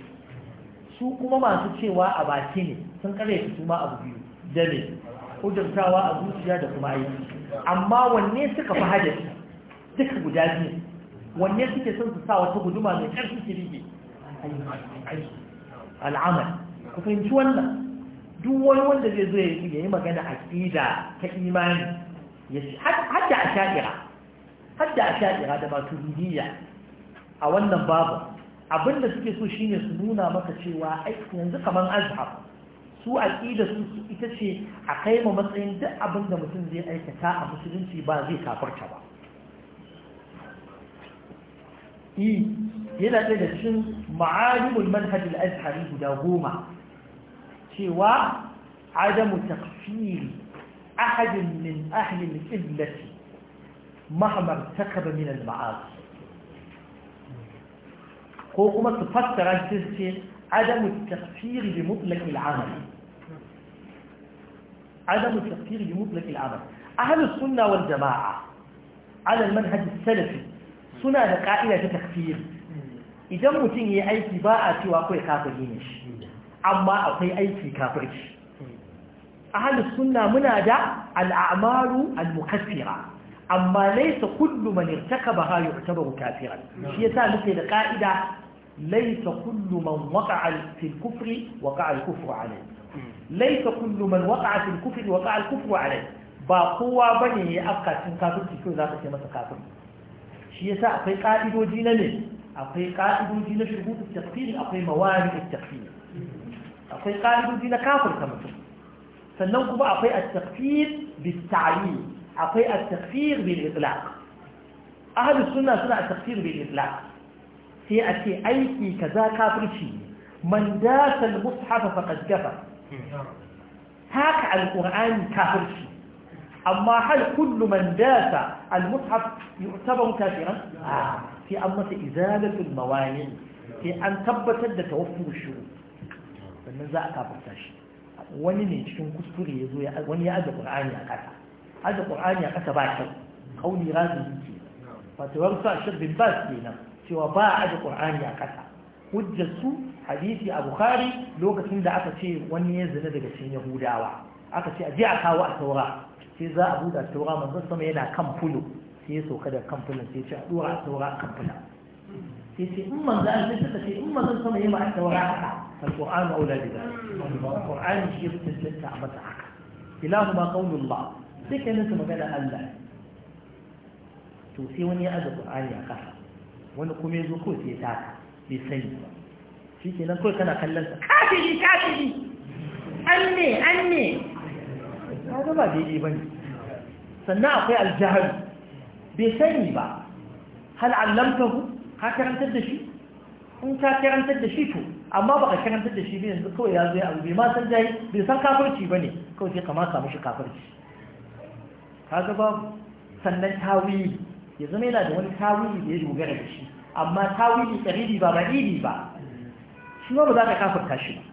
su kuma masu cewa a baki ne sun karyata su ma abu biyu da ne kudurtawa a zuciya da kuma aiki amma wanne suka fi hadari duka guda biyu wanne suke son su sa wata guduma mai ƙarfi su rige al'amal ku fahimci wannan duk wani wanda zai zo ya yi magana aqida ta imani ya ce hadda a sha'ira hadda a sha'ira da maturidiyya a wannan babu abinda suke so shine su nuna maka cewa ai yanzu kaman azhar su aqida su ita ce a kai ma matsayin duk abinda mutum zai aikata a musulunci ba zai kafarta ba e, yana ɗaya da cikin ma'alimul manhajul azhari guda goma سوى عدم تقفير أحد من أهل الإبلة مهما ارتكب من المعاصي حكومة تفسر عن عدم التقصير بمطلق العمل عدم التقفير بمطلق العمل أهل السنة والجماعة على المنهج السلفي سنة قائلة تكفير إذا متنهي أي تباعة وأقوي خاطر ينشي amma akwai aiki kafirci halin suna muna da al'amalu al-mukaffira amma laysa kullu man irtakabaha yu'tabaru kafiran shi ya yasa muke da ka'ida laisa kullu man waqa'a fil kufri waqa'a al-kufru alayhi laysa kullu man waqa'a fil kufri waqa'a al-kufru alayhi ba kowa bane ya afka cin kafirci za ka ce masa kafir shi ya sa akwai ka'idoji na ne akwai ka'idoji na shurutu tafsir akwai mawani tafsir akwai ƙa'idoji na kafirta mutum sannan kuma akwai at-takfir bit-ta'yin akwai at-takfir bil-itlaq ahlus sunna suna at-takfir bil-itlaq sai a ce aiki kaza kafirci man dasa al-mushaf faqad kafar haka al-qur'ani kafirci amma hal kullu man dasa al-mushaf yu'tabaru kafiran ah, sai an masa izalatul mawani sai an tabbatar da tawaffur shuru sannan za a kafirta shi wani ne cikin kuskure ya zo wani ya aje qur'ani a kasa aje qur'ani a kasa ba kyau kauli razin yake fatawar sa shir bin bas kenan cewa ba a aje qur'ani a kasa hujjar su hadisi a bukhari lokacin da aka ce wani ya zina daga cikin yahudawa aka ce a je a kawo a taura sai za a buɗe taura manzon sama yana kan fulo sai ya sauka da kan fulon sai ya ce a dora a taura a kan fulon sai ce in manzon sai ta ce in manzon sama ya ma a taura haka القرآن أولى بذلك القرآن شيء تسلسة عبت عقل إلهما قول الله ذيك أنت مجالة الله توسي وني أدى القرآن يا قصر wani kuma ya zo ko sai ta ka bai sani shi ke nan kawai kana kallon sa kafiri kafiri an ne an ne ya ba daidai ba ne sannan akwai aljihar bai ba hal allamtahu ka karantar da shi in ka karantar da shi to amma baka karantar da shi bai yanzu kawai ya zai abu bai ma san jayi bai san kafirci bane kawai sai kama samu shi kafirci kaga ba sannan tawili ya zama yana da wani tawili da ya dogara da shi amma tawili tsaridi ba ba idi ba shi ba za ka kafirta shi ba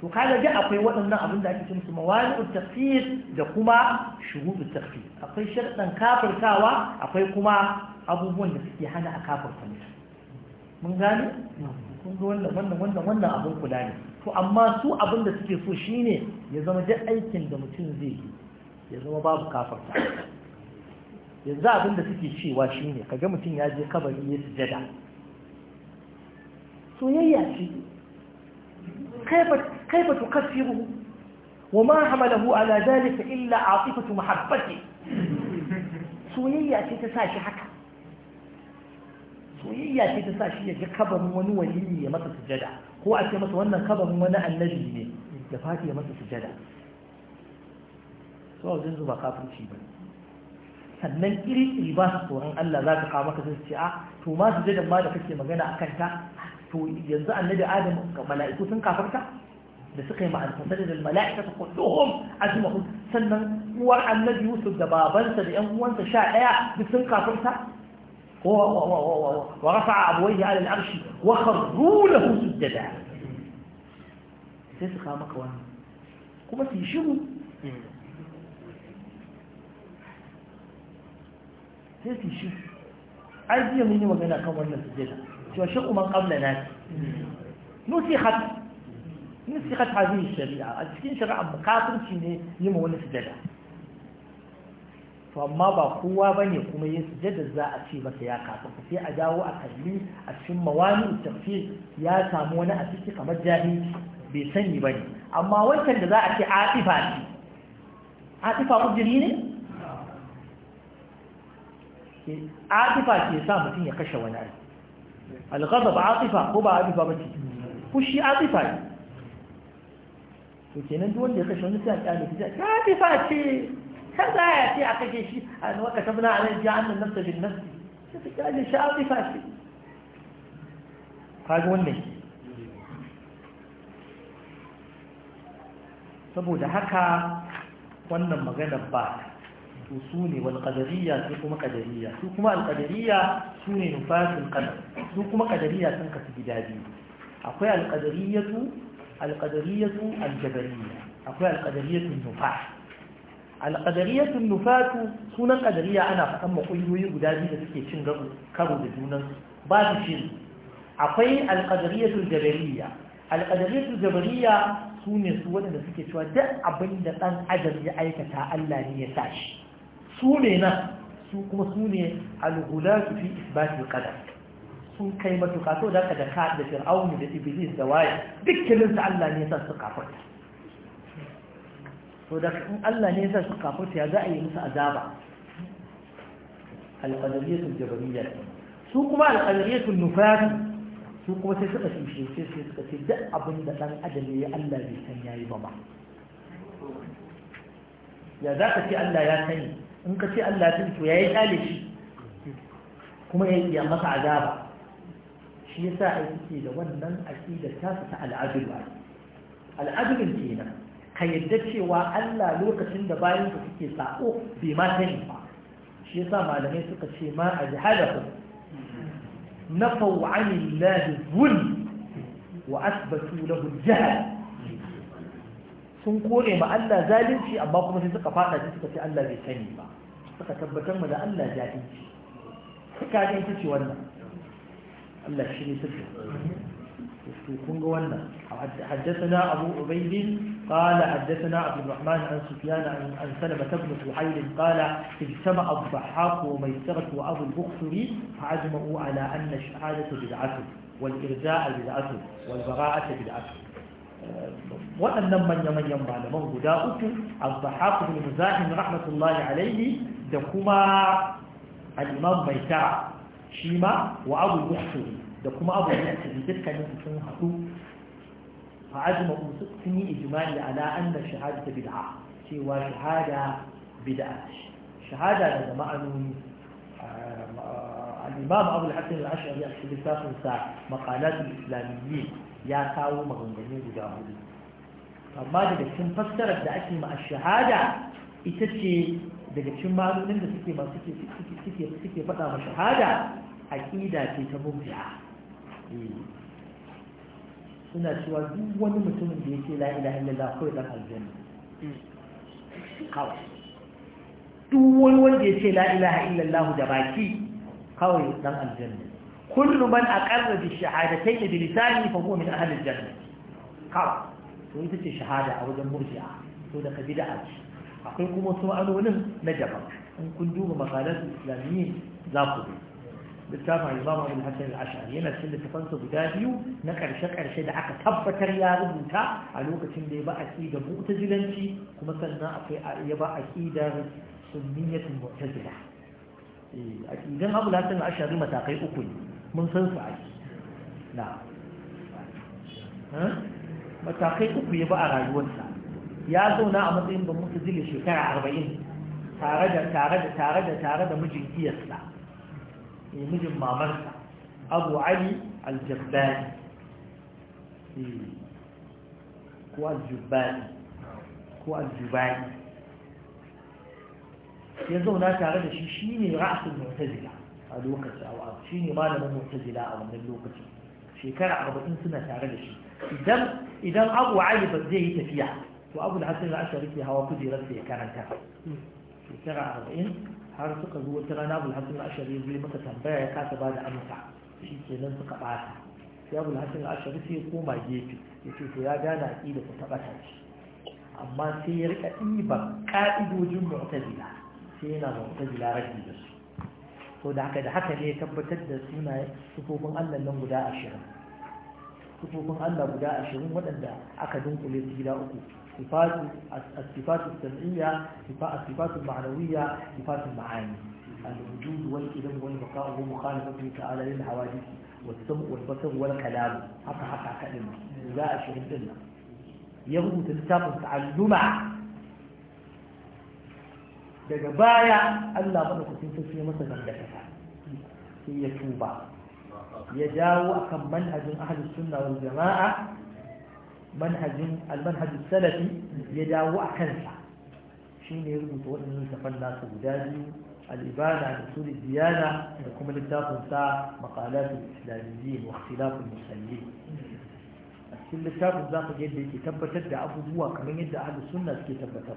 to kaga ji akwai waɗannan abin da ake cin su mawali'ut tafsir da kuma shuhudut tafsir akwai sharɗan kafirtawa akwai kuma abubuwan da suke hana a kafirta mutum mun gane kun ga wannan wannan wannan wannan abin kula ne to amma su abin da suke so shine ya zama duk aikin da mutum zai yi ya zama babu kafarta yanzu abin da suke cewa shine kaga mutum ya je kabari ya sujada soyayya ce kaifa tukaffiru wa ma hamalahu ala zalika illa atifatu mahabbati soyayya ce ta sa shi haka soyayya ce ta sa shi ya ga kabarin wani waliyi ya masa sujada ko a ce masa wannan kabarin wani annabi ne ya fati ya masa sujada su wajen zuba kafirci ba sannan iri-iri ba su tsoron Allah za ka kawo maka zai ce a to ma sujadan ma da kake magana a kanta to yanzu annabi adam ga mala'iku sun kafarta da suka yi ma'antasar da mala'ika ta kulluhum ajma'un sannan uwar annabi yusuf da babansa da yan uwansa sha ɗaya duk sun kafarta ورفع أبويه على العرش وخروا له سجدا سيسي خامك وانا قم سيشمو سيسي شمو عايز يميني وقنا كم وانا سجدا شو شق من قبل ناس نسخت نسخت هذه الشريعة السكين شرع مقاطر شيني يمو وانا سجدا to amma ba kowa ba ne kuma yin sujada za a ce masa ya kafa sai a dawo a kalli a cikin mawani tafsir ya samu wani a ciki kamar jahi bai sani ba ne amma wancan da za a ce atifa ce atifa jiri ne atifa ke sa mutum ya kashe wani ai alghadab atifa ko ba atifa ba ce fushi atifa ne to kenan duk wanda ya kashe wani sai a kyale ta atifa ce kan za ya ce a kashe shi a waka ta bula alai jiya annan nafsa bin nafsi sai ta kyale shi a tsifa shi kaga wannan saboda haka wannan maganar ba to su ne wal qadariyya su kuma qadariyya su kuma al su ne nufasul qadar su kuma qadariyya sun kasu gida biyu akwai al qadariyyatu al qadariyyatu al akwai al qadariyyatu nufas alƙadariyar nufatu sunan ƙadariya ana faɗan maƙungiyoyi guda biyu da suke cin karo da junan ba su shiri akwai alƙadariyar jabariya alƙadariyar jabariya su ne su waɗanda suke cewa duk abin da ɗan adam ya aikata Allah ne ya sa shi su ne nan su kuma su ne alhula su fi isbatin ƙadar sun kai matuƙa to da ka da fir'auni da iblis da waye dukkaninsu Allah ne ya sa su kafarta to da in Allah ne ya sa su kafirta ya za a yi musu azaba al-qadariyyatul jabariyya su kuma al-qadariyyatul nufat su kuma sai suka shi sai sai suka ce duk abin da dan adam ya Allah bai san yayi ba ba ya za ka ce Allah ya sani in ka ce Allah tun to yayi kyale shi kuma ya yi masa azaba shi yasa ai suke da wannan aqida ta ta al-adl al-adl kenan ka yadda cewa Allah lokacin da bayan ku suke sako bai ma sani ba shi yasa malamai suka ce ma a jihadahu nafau anillahi zul wa asbatu lahu jahal sun kore ma Allah zalunci amma kuma sai suka fada shi suka ce Allah bai sani ba suka tabbatar mu da Allah jahilci suka ga ita ce wannan Allah shi ne suke kunga wannan haddasana abu ubaidin kala haddasana abu rahman an sufiyana an salama ta bin suhailin kala in mai sarfi wa abu bukhuri a ala an na shahada ta bid'atu wal irza a bid'atu wal bara'a ta bid'atu waɗannan manya-manyan malaman guda uku abu bahaku bin muzahin rahmatullahi alaihi da kuma al'imam mai ta ma wa abu bukhuri da kuma abu da su bi dukkanin sun haɗu fa ajma sun yi ijma'i ala shahada ta bid'a cewa shahada bid'a shahada da ma'anoni الإمام أبو الحسن العشري في كتاب ساعة مقالات الإسلاميين يا كاو مغنغني جداهولي amma daga cikin fassarar da ake ma a shahada ita ce daga cikin malumin da suke masu suke faɗa ma shahada aƙida ce ta murji'a suna cewa duk wani mutumin da yake la ilaha illallah kawai dan aljanna kawai duk wani wanda yake la ilaha illallah da baki kawai dan aljanna kullu man aqarra bi shahadatayn bi lisani fa huwa min ahli aljanna kawai to ita ce shahada a wajen murji'a to da kabida ce akwai kuma su ma'anonin na daban in kun duba makalar islamiyyin za ku bi بالكافة عزبارة من حسن العشر يما سنة فانسو بداديو نكر شكر شيد عقا تبا كريا غبوكا علوكا تندي باع سيدة مؤتزلنتي ومثل ما أفي يباع سيدة سنية مؤتزلة إذن أبو الحسن العشر دي متاقي أكل من صنف عجي نعم متاقي أكل يباع رايوان سا يازو نعم مطين بمؤتزلة شكرا عربين تارجة تارجة تارجة تارجة مجلسية سلام Eh, mijin mamarsa abu ali aljabbani eh, ko aljubbani ko aljubani ya zauna tare da shi shi ne ra'asul mu'tazila a lokacin a shi ne malamin mu'tazila a wannan lokacin shekara arba'in suna tare da shi idan idan abu ali ba zai yi tafiya to abu da hasan al-ashari hawa kujerar sa ya karanta shekara arba'in har suka zo wata rana abul hasan ashari zai maka tambaya ya kasa ba da amsa shi kenan suka bata sai abul hasan ashari sai ya koma gefe ya ce to ya gane aqida ta shi amma sai ya rika ɗiba ka'idojin mu'tazila sai yana mu'tazila rabi da su to da haka da haka ne ya tabbatar da sunaye sufofin Allah nan guda ashirin sufofin Allah guda ashirin waɗanda aka dunkule su gida uku الصفات الصفات السمعية الصفات المعنوية صفات المعاني الوجود والإذن والبقاء هو ومخالفته تعالى للحوادث والسمع والبصر والكلام حتى حتى كلمة لا أشهد إلا يغبط تنساق تعلمع دقبايا ألا Allah تنسي مثلا لك هي dangantaka يجاو ya منهج ya السنة والجماعة manhajin almanhajin salafi ya dawo a kansa shi ne rubuta waɗannan littafan nasu guda biyu al'ibana da suri diyana da kuma littafin sa makalatu islamiyyi wa musalli a cikin littafin za ka yadda yake tabbatar da abubuwa kamar yadda ahlus sunna suke tabbatar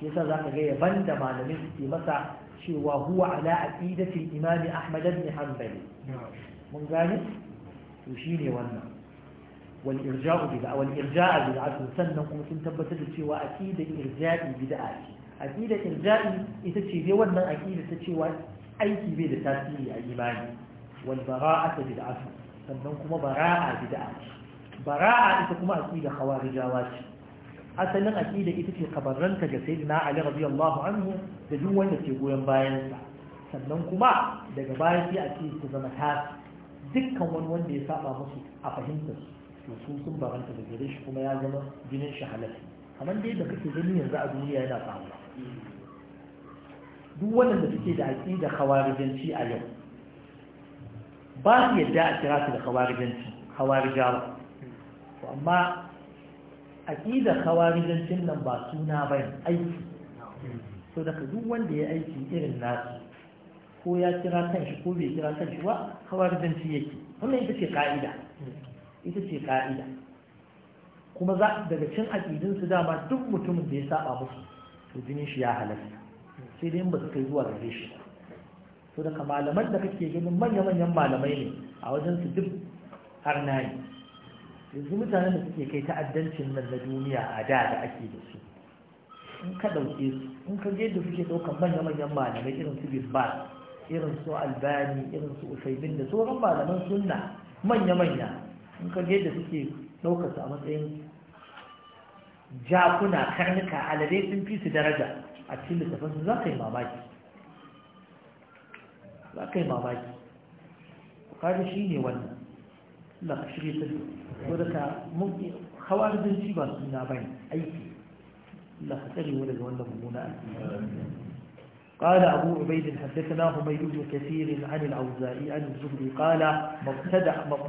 shi yasa za ka ga yaban da malamai suke masa cewa huwa ala aqidatil imami ahmad ibn hanbali mun gane to shine wannan wal irja'u bid'a wal irja'u kuma sun tabbatar da cewa aqidar irja'i bid'a ce aqidar irja'i ita ce dai wannan aqida cewa aiki bai da tasiri a imani wal bara'atu bid'a sannan kuma bara'a bid'a ce bara'a ita kuma aqidar khawarijawa ce asalin aqida ita ce kabarranta ga saidina Ali radiyallahu anhu da duk wanda ke goyon bayan sannan kuma daga baya sai zama dukkan wani wanda ya saba musu a fahimtar su to su sun baranta da gare shi kuma ya zama jinin shi halatta kamar dai da kake gani yanzu a duniya yana faruwa duk wannan da suke da aƙida khawarijanci a yau ba su yadda a kira su da khawarijanci khawarijawa to amma aƙida khawarijancin nan ba suna ba aiki so daga duk wanda ya aiki irin nasu ko ya kira kan shi ko bai kira kan shi ba khawarijanci yake wannan ita ce ka'ida ita ce ka'ida kuma za daga cin su dama duk mutumin da ya saba musu to jinin shi ya halasta sai dai ba su kai zuwa gare shi ba daga malaman da kake ganin manya-manyan malamai ne a wajen su duk har nayi yanzu mutanen da suke kai ta'addancin nan na duniya a da da ake da su in ka ɗauke su in ka je da suke ɗaukar manya-manyan malamai irin su bibbal irin su albani irin su usaimin da sauran malaman sunna manya-manya in ka yadda suke ɗaukarsu a matsayin jakuna karnuka aladai sun fi su daraja a cikin su za ka yi mamaki za ka yi mamaki kwari shi ne wannan na shirya zuwa wadda ka hawa da ba suna bane aiki na tsari wadda ga wannan mummuna aiki قال أبو عبيد حدثنا حميد بن كثير عن الأوزاعي عن الزهري قال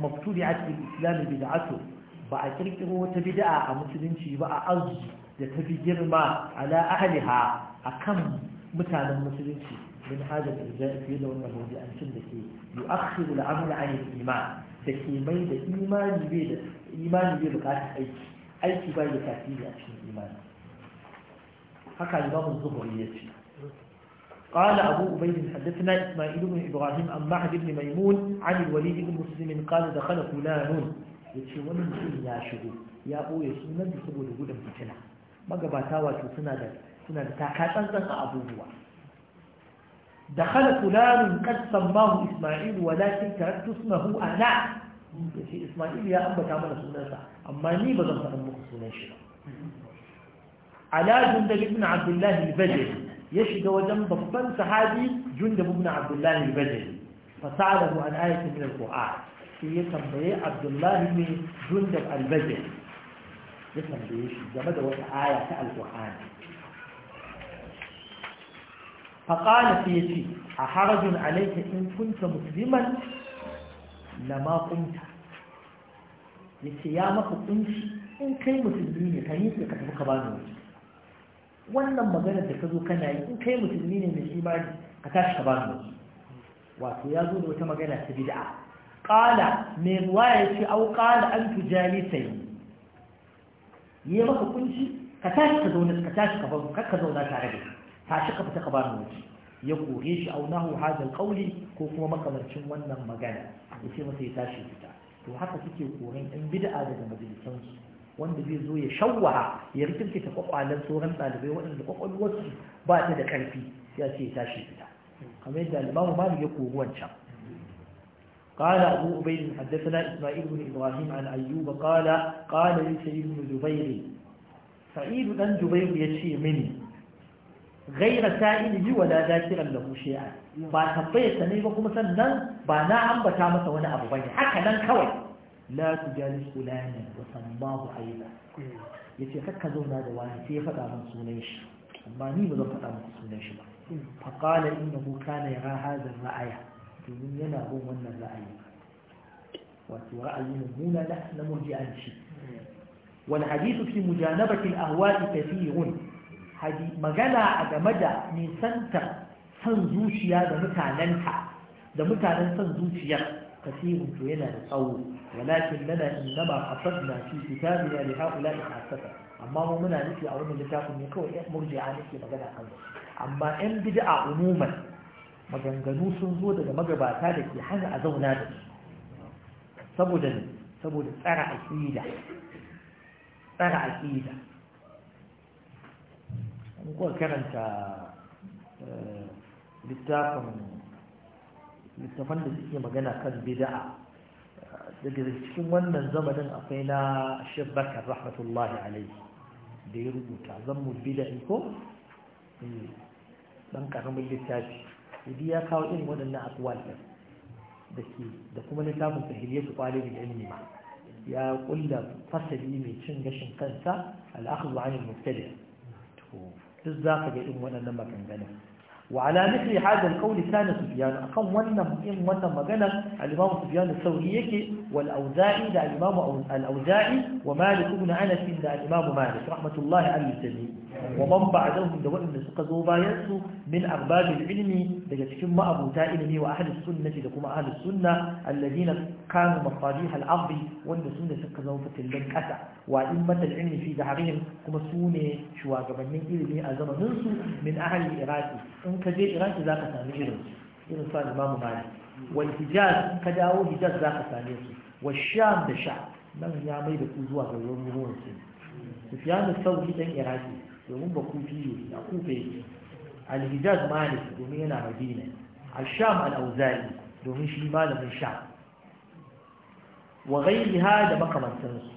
مبتدعت بالإسلام بدعته بعتركه وتبدع مسلم شيء بقى أز يتفجر ما على أهلها أكم متانا مسلم شيء من هذا الإرجاء في لونه بأنسل لكي يؤخر العمل عن الإيمان لكي ميد إيمان بيد إيمان بيد أي أي كبير تأثير أشياء الإيمان هكذا الإمام الزهري يتفجر قال أبو أبيد حدثنا إسماعيل بن إبراهيم عن معهد بن ميمون عن الوليد بن مسلم قال دخل فلان yace wani mutum ya shigo ya ɓoye sunan da saboda gudun fitina magabata wato suna da suna da abubuwa da kala fulanin kan sammahu isma'il walakin karattu suna hu na ya ce isma'il ya ambata mana sunansa amma ni ba zan faɗin muku sunan shi ba alajin da ibn abdullahi al ya shiga wajen babban sahabi da ibn abdullahi al-bajali fasalahu an ayatin min al-qur'an ya tambaye abdullahi ne da al-bajali ya tambaye shi game da wata aya ta al-qur'an faqala ya ce a harajun alayka in kunta musliman lama kunta yace ya maka kunci in kai musulmi ne kan yi ka ka bani wuce wannan maganar da ka zo kana yi in kai musulmi ne mai imani ka tashi ka bani wasu wato ya zo da wata magana ta bid'a qala mai ruwaya yace au qala an tujalisai yi maka kunci ka tashi ka zauna ka tashi ka bar ka zauna tare da tashi ka fita ka bani wasu ya kore shi au nahu hadha ƙaule ko kuma makamancin wannan magana yace masa ya tashi fita to haka suke koren ɗan bid'a daga majalisansu wanda zai zo ya shawwaha ya ta kwakwalen sauran ɗalibai waɗanda kwakwalwarsu ba ta da ƙarfi ya ce ya tashi fita kamar yadda alimamu mali ya kogo wancan قال أبو أبي حدثنا إسماعيل بن إبراهيم عن أيوب قال قال لي سعيد بن جبير سعيد بن جبير يشي مني غير سائله ولا ذاكرا له شيئا ba tambaye ne ba kuma sannan ba na ambata masa wani abu bane haka nan kawai la tujalis fulani wa sammahu aida yace kakka zauna da wani sai ya faɗa min sunan shi amma ni ba zan faɗa muku sunan shi ba fa qala innahu kana yara hadha ra'aya domin yana bin wannan ra'ayi wato ra'ayin muna na murji'anci wal hadithu fi mujanabati al ahwa'i kathirun hadi magana a game da nisanta san zuciya da mutanenta da mutanen san zuciyar كثير فينا نطول ولكن لنا إنما حفظنا في كتابنا لهؤلاء حاسفة أما مؤمنا نسي أعلم اللي تاكم يكوى إيه؟ مرجع نسي مجانا قلب أما إن بدع عموما مجان جنوسون زودة مجربة في حاجة أزونا بس سبودا سبودا سرع الإيدة سرع الإيدة نقول كانت لتاكم أه... littafan da suke magana kan bid'a daga cikin wannan zamanin akwai na shabbakar rahmatullahi alaihi da ya rubuta mu bida'i ko eh, dan karamin littafi idi ya kawo irin waɗannan akwai da ke da kuma littafin ya su kwale da ilimi ma ya ƙulla fasali mai cin gashin kansa al'akhzu anil mubtadi to duk za ka ga irin waɗannan maganganun وعلى مثل هذا القول كان سفيان أقام ونم إن ونم مغنى الإمام سفيان الثوري والأوزاعي دا الإمام الأوزاعي ومالك بن أنس دا الإمام مالك رحمة الله عليه الجميع wa man ba'dahum da waɗanda suka zo bayan su min arbabil ilimi daga cikin ma'abuta ilimi wa ahli sunnati da kuma ahli sunna alladhina kanu mafadih al-ardi wanda sunne suka zama fitillan kasa wa immat al-ilmi fi zahrihim kuma sune shugabannin ilimi a zamanin su min ahli iraki in ka je iraki zaka sami irin irin sa imamu malik hijaz ka dawo hijaz zaka same su wa sham da sha nan ya mai da ku zuwa ga ruwan ruwan su sufyan al-thawri iraki domin ba kufi a kufa yake malik domin yana madina al-sham al-auza'i domin shi malamin sham wa ghayriha da makamantansu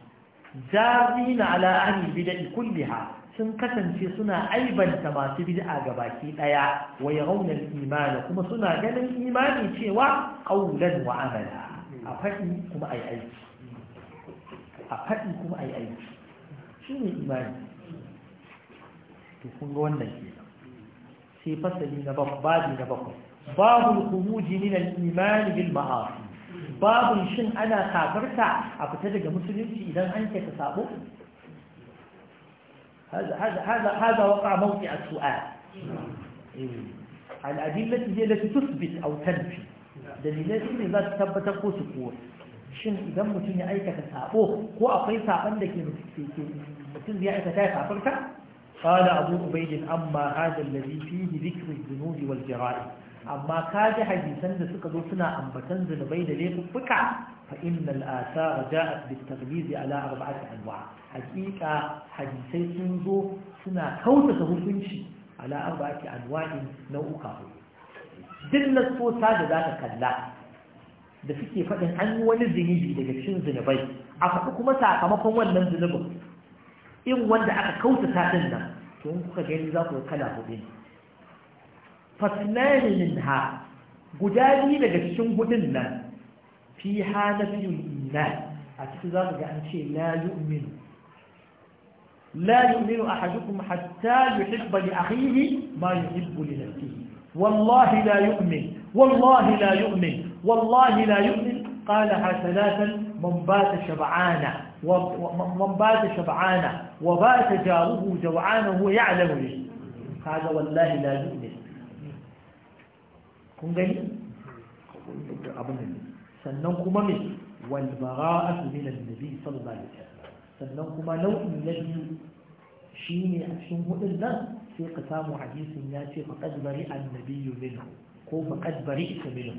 jazina ala ahli bid'ah kulliha sun kasance suna aibanta masu bid'a gabaki daya wa yarawna al-iman kuma suna ganin imani cewa qawlan wa amala a faɗi kuma ai aiki a faɗi kuma ai aiki shine imani to kun ga wannan ke sai fasali na babu na bakwai babu khuruji min al-iman bil ma'asi babu shin ana kafirta a fita daga musulunci idan an ke ta sabo هذا هذا هذا هذا وقع موضع السؤال الأدلة هي التي Dalilai su ne za su tabbatar ko su قوس shin idan mutum ya aikata sabo ko akwai saban da ke mutum ya aikata ya safarta قال أبو عبيد أما هذا الذي فيه ذكر الذنوب والجرائم أما كاد حديثا سقط سنة أم بتنزل بين ليق بكع فإن الآثار جاءت بالتغليظ على أربعة أنواع حقيقة حديثي سنزو سنة كوتة هفنشي على أربعة أنواع نوعك دلت فوتا ذات كلا da suke faɗin an yi wani zunubi daga cikin zunubai a faɗi kuma sakamakon wannan zunubin in wanda aka kautata din nan to in kuka gani za ku kala hudu ne faslani minha guda biyu daga cikin hudun nan fi hana biyu iman a cikin za ku ga an ce la yu'minu la yu'minu ahadukum hatta yuhibba li akhihi ma yuhibbu li nafsihi wallahi la yu'min wallahi la yu'min wallahi la yu'min qalaha thalathan man bata shab'ana ومن بات شبعانا وبات جاره جوعانا هو يعلم لي هذا والله لا يؤمن كن قلي سننكم من والبراءة من النبي صلى الله عليه وسلم سننكم لو إن لدي شيني أشنه إلا في قسام حديث الناس فقد برئ النبي منه هو فقد برئت منه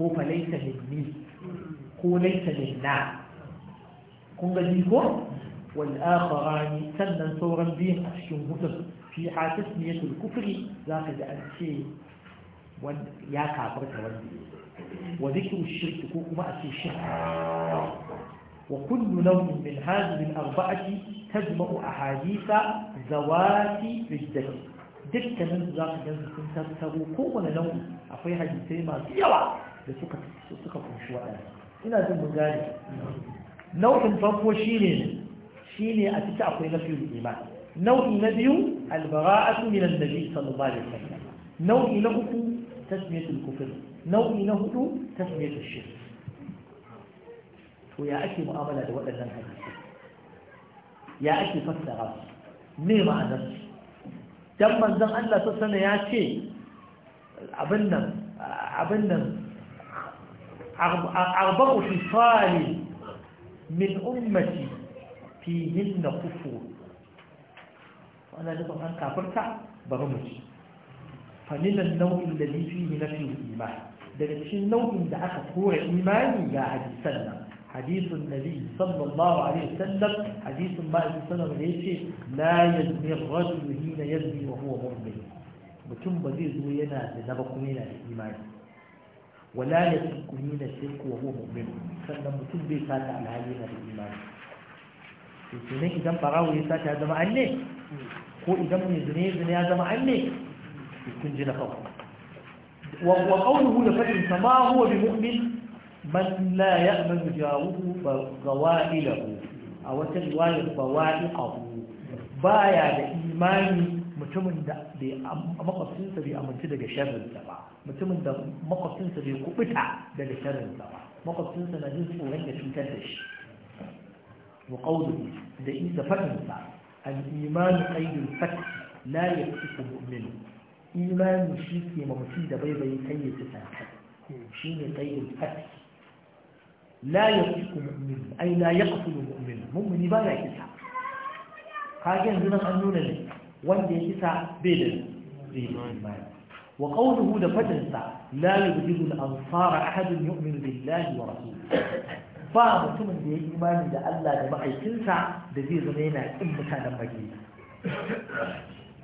هو فليس مني هو ليس للناس kun ga ko wal akharani sannan sauran biyun a cikin hudun fi hatis ne su kufri za ka ji an ce ya kafarta wanda ya wa zikin shirki ko kuma a ce shirki wa kullu nau'in min hadhihi al-arba'ati tajma'u hadisa zawati riddati dukkanin za ka gansu sun tattaro kowane nau'i akwai hadisai masu yawa da suka suka kunshi waɗanda ina jin mun gane nau'in farko shine shine a cikin akwai nafiyul iman nau'i na biyu albara'atu min annabi sallallahu alaihi wasallam nau'i na uku tasmiyatul kufr nau'i na hudu tasmiyatul shirk to ya ake mu'amala da waɗannan hadisi ya ake fassara su me ma'anar su dan manzon Allah sallallahu ya ce abin nan abin nan arba'u fisali min ummati fihin na kufu wanda da an kafarta bari mu ci fanilan nau'in da lifi na fi imani daga cikin nau'in da aka kora imani ga hadisan nan حديث النبي صلى الله عليه وسلم حديث ما عليه وسلم ليش لا يزني الرجل حين يزني وهو مؤمن mutum ba zai zo yana da daba kuma yana da imani wala ya tunkuni na shirku wa mu'min sannan mutum bai sata alhali na da imani to kenan idan barawo ya sata ya zama anne ko idan mai zune zune ya zama anne kun ji na farko wa qawluhu la fa'in sama huwa bi mu'min man la ya'manu jaruhu fa gawailahu a wata riwayar bawa'iqahu baya da imani mutumin da bai makwabcinsa bai amince daga sharrinsa ba mutumin da makwabcinsa bai kubuta daga sharrinsa ba makwabcinsa na jin tsoron da cutar da shi wa qawluhu da isa fadinsa al iman qaydul fath la yakfiku mu'min imani shi ke ma mutum da baibayi kai ya ci tsaka shi ne qaydul fath la yakfiku mu'min ai la yaqtulu mu'min mu'mini ba ya kisa kage yanzu nan an nuna ne wanda ya kisa bai da imani wa qawluhu da fadinsa la yubdilu a ansara ahadun yu'minu billahi wa rasu. ba mutumin da ya yi imani da Allah da ma'aikinsa da zai zama yana kin mutanen Madina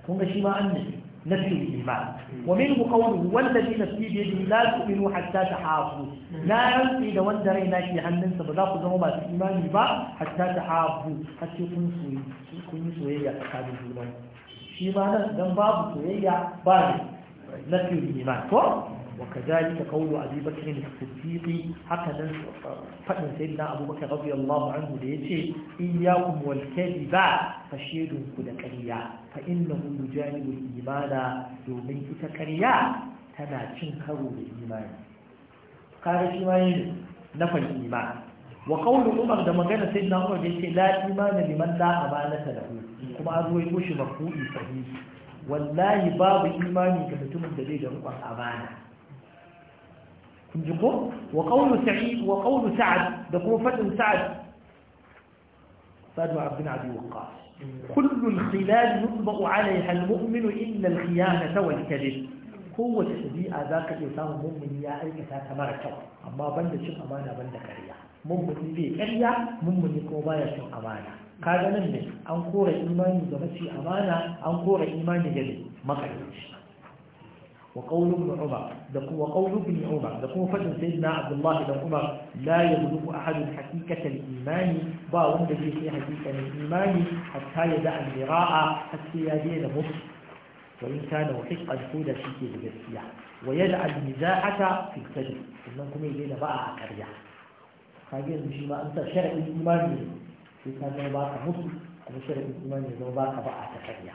kun ga shi ma an ne na fi iman wa min ku qawlu wallazi nafsi bi yadihi la tu'minu hatta tahabu la yanti da wanda raina ke hannunsa ba za ku zama masu imani ba hatta tahabu har sai kun soyayya kun yi soyayya tsakanin junanku shi don babu soyayya ba ne na fiye ne ma to waka jari ta kawo a zai da su fiye haka nan faɗin sai na abubakar rabbi allahu anhu da ya ce in ya kuma walke bi ba ta ku da ƙarya ta inna mun bu jari imana domin ita ƙarya tana cin karo da imani kare shi ma yin nafar da umar da magana sai na umar da ya ce la imani liman da amana ta da hutu kuma an ruwaito shi mafu'i sahihi wallahi babu imani ga mutumin da zai da rukun abana kun ji ko wa qawlu sa'id wa qawlu sa'ad da kuma fadin sa'ad sa'ad wa abdin abi waqqas kullu al-khilal yutba'u 'alayha al mumin illa al-khiyanata wal-kadhib kowace ɗabi'a za ka iya samun mummuni ya aikata ta mara kyau amma banda cin amana banda karya mummuni bai karya mummuni kuma baya cin amana kaga nan ne an kora imani da mafi amana an kora imani da makarici wa qawlu ibn da kuma qawlu ibn umar da kuma fadin sayyidina abdullah ibn umar la yabdu ahadun haqiqata imani ba wanda zai sai haqiqatan imani hatta ya da al-mira'a hatta ya da mu. wa in kana wahiqan da shi ke da gaskiya wa yada al-mizahata fi kadhib sannan kuma ya daina ba a karya kage yanzu shi ma an sa shar'in imani sai ka zama ba ka musu a masharar imani ya zama ba ka ba a ta karya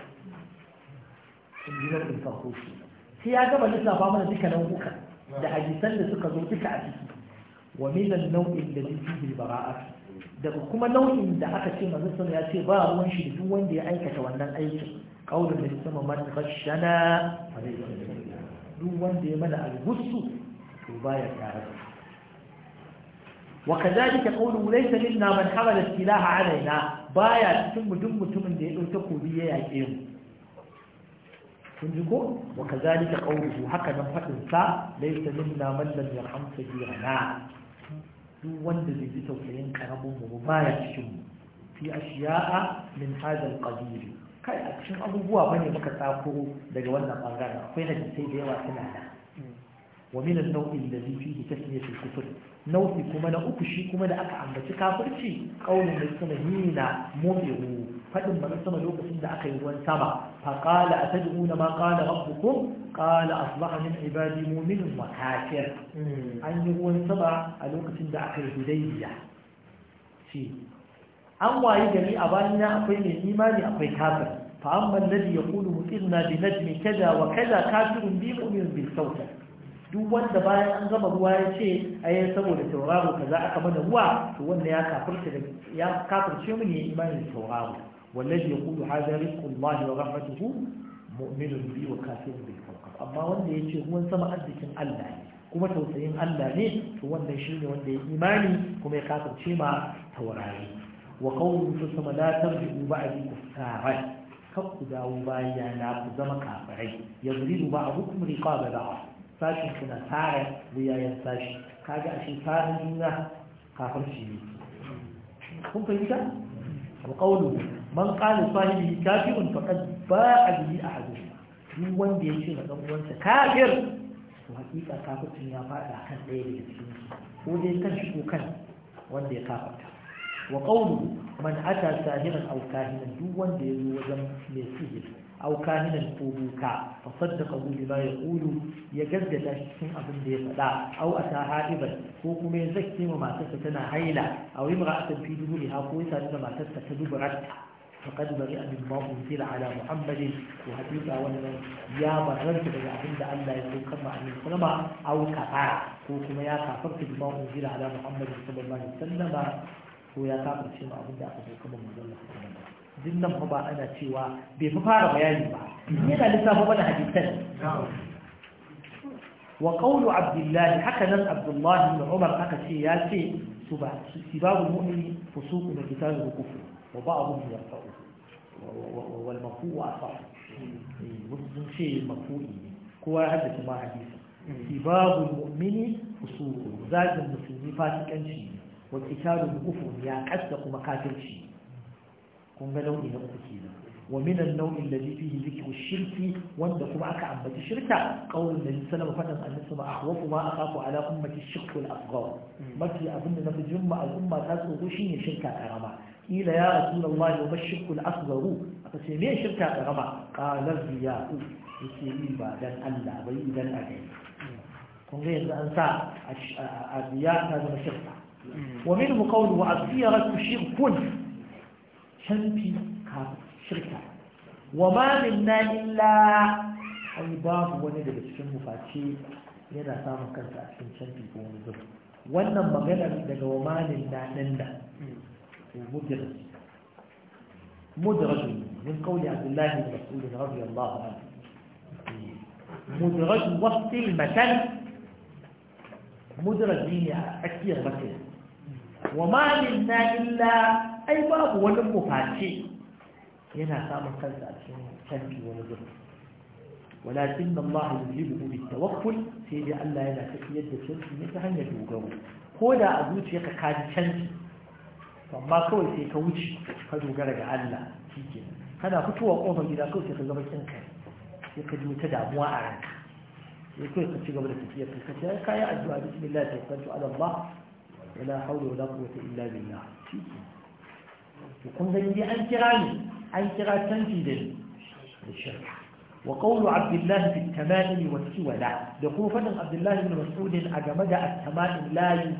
in ji nau'in shi sai ya gama lissafa mana duka nau'uka da hadisan da suka zo duka a ciki wa minan nau'in da zai fihi bara'atu daga kuma nau'in da aka ce manzo sun ya ce ba ruwan shi duk wanda ya aikata wannan aikin qaulun da sama man khashana duk wanda ya mana al to baya tare da وكذلك قوله ليس منا من حمل السلاح علينا بايا تتم دم متم da ya dauke kobi ya yake mu kun ko وكذلك قوله haka nan fadin sa laysa minna man lam yarham sabirana duk wanda zai ji tausayin karamin mu baya cikin mu fi ashiya'a min hadha kai a cikin abubuwa bane muka tsako daga wannan bangaren akwai hadisai da yawa suna da ومن النوع الذي فيه تسمية الكفر nau'i kuma na uku shi kuma da aka ambaci kafirci kaulin da suna hina mu'ihu fadin manzon sama lokacin da aka yi ruwan sama fa qala atajuna ma qala rabbukum qala asbaha min ibadi mu'minun wa kafir hmm. an yi ruwan sama a lokacin da aka yi hudaybiya shi an wayi gari a bayina akwai mai imani akwai kafir fa amma alladhi yaqulu mutirna bi najmi kaza wa kaza kafirun bi mu'minun bil sawta duk wanda bayan an gama ruwa ya ce a saboda tauraro ka za aka mana ruwa to wanda ya kafirce da ya kafirce mu ne imanin tauraro wallahi yaqulu hadha rizqullahi wa rahmatuhu mu'minun bi wa kafirun bil amma wanda ya ce ruwan sama arzikin Allah ne kuma tausayin Allah ne to wannan shine wanda ya imani kuma ya kafirce ma taurari wa qawluhu sama la tarji'u ba'di kuffara kar ku dawo bayana ku zama kafirai yadribu ba'dukum riqaba ba'd sashin suna tsara wuyayen sashi kaga a shi tsarin juna kafin shi ne kun fahimta alƙawlu man qala sahibi kafirun faqad ba'a a ahadu duk wanda ya ce ma dan uwansa kafir to hakika kafircin ya fada kan ɗaya daga cikin ko dai kan shi ko kan wanda ya kafarta wa qawlu man ata sahiran aw kahinan duk wanda ya zo wajen mai sihiri أو كاهن الفوبوكا فصدقه بما يقول يجد تشكين أبن دي فلا أو أتى هائبا فوقم يزكي وما تستنا هيلا أو امرأة في دبولها قويتا لما تستكذب رجع فقد بغي أن الله أنزل على محمد وحديث أولا يا مرنت بغي أبن دا ألا يكون كما أن السلام أو كفا فوقم يا كفرت بما أنزل على محمد صلى الله عليه وسلم ويا كفرت بما أبن دا أبن كما مزل الله duk nan ba ana cewa bai fi fara bayani ba yana lissafa mana hadisan wa qawlu abdullah haka nan abdullah ibn umar aka ce ya ce sibabul mu'mini fusuqun kitabu kufr wa ba'dhum yarfa'u wal mafu wa sah eh, mun ce mafu'i kowa ya haddace ma hadisi sibabul mu'mini fusuqun zagin musulmi fasikanci wa kitabu kufr ya kasta kuma kafirci kunga launi na uku ومن النوم الذي فيه ذكر الشرك وانتقوا معك عمة الشركة قول النبي صلى الله عليه وسلم أنه أخوف ما أخاف على أمة الشرك والأفغار ما في أظن نبي جمع الأمة تاسو غشين شركة أغمى إلى يا رسول الله وما الشرك الأصغر أتسمي شركة أغمى قال الرياء يسيري بعد ألا بيدا أغير كون غير الأنساء الزياء هذا شركة ومنه قول وأزيارة الشرك canfi shirka wa ma minna illa ai babu wani daga cikin mufaci yana samun kansa a cikin canfi ko wani zuba wannan maganar daga wa ma minna ɗin da mudraj mudraj min qawli abdullahi bin mas'ud radiyallahu anhu مدرج وسط المكان مدرج دي أكثر مكان وما منا إلا ai babu wani bufaci yana samun kansa a cikin canfi wani zuwa walakin nan ma yujibu bi tawakkul sai dai Allah yana tafiyar da canfi ne ta hanyar dogaro ko da a zuciya ka kaji canfi amma kawai sai ka wuce ka dogara ga Allah shike kana fitowa kofar gida kawai sai ka zama kin kai sai ka ji wata damuwa a ranka sai kawai ka ci gaba da tafiyar ka sai ka yi addu'a bismillah tawakkaltu ala Allah wala hawla wala quwwata illa billah to kun gani an kira ni an kira canfi da da shirka wa qawlu abdullah fi tamaim wa tiwala da kuma fadin abdullah ibn mas'ud a game da at-tamaim layi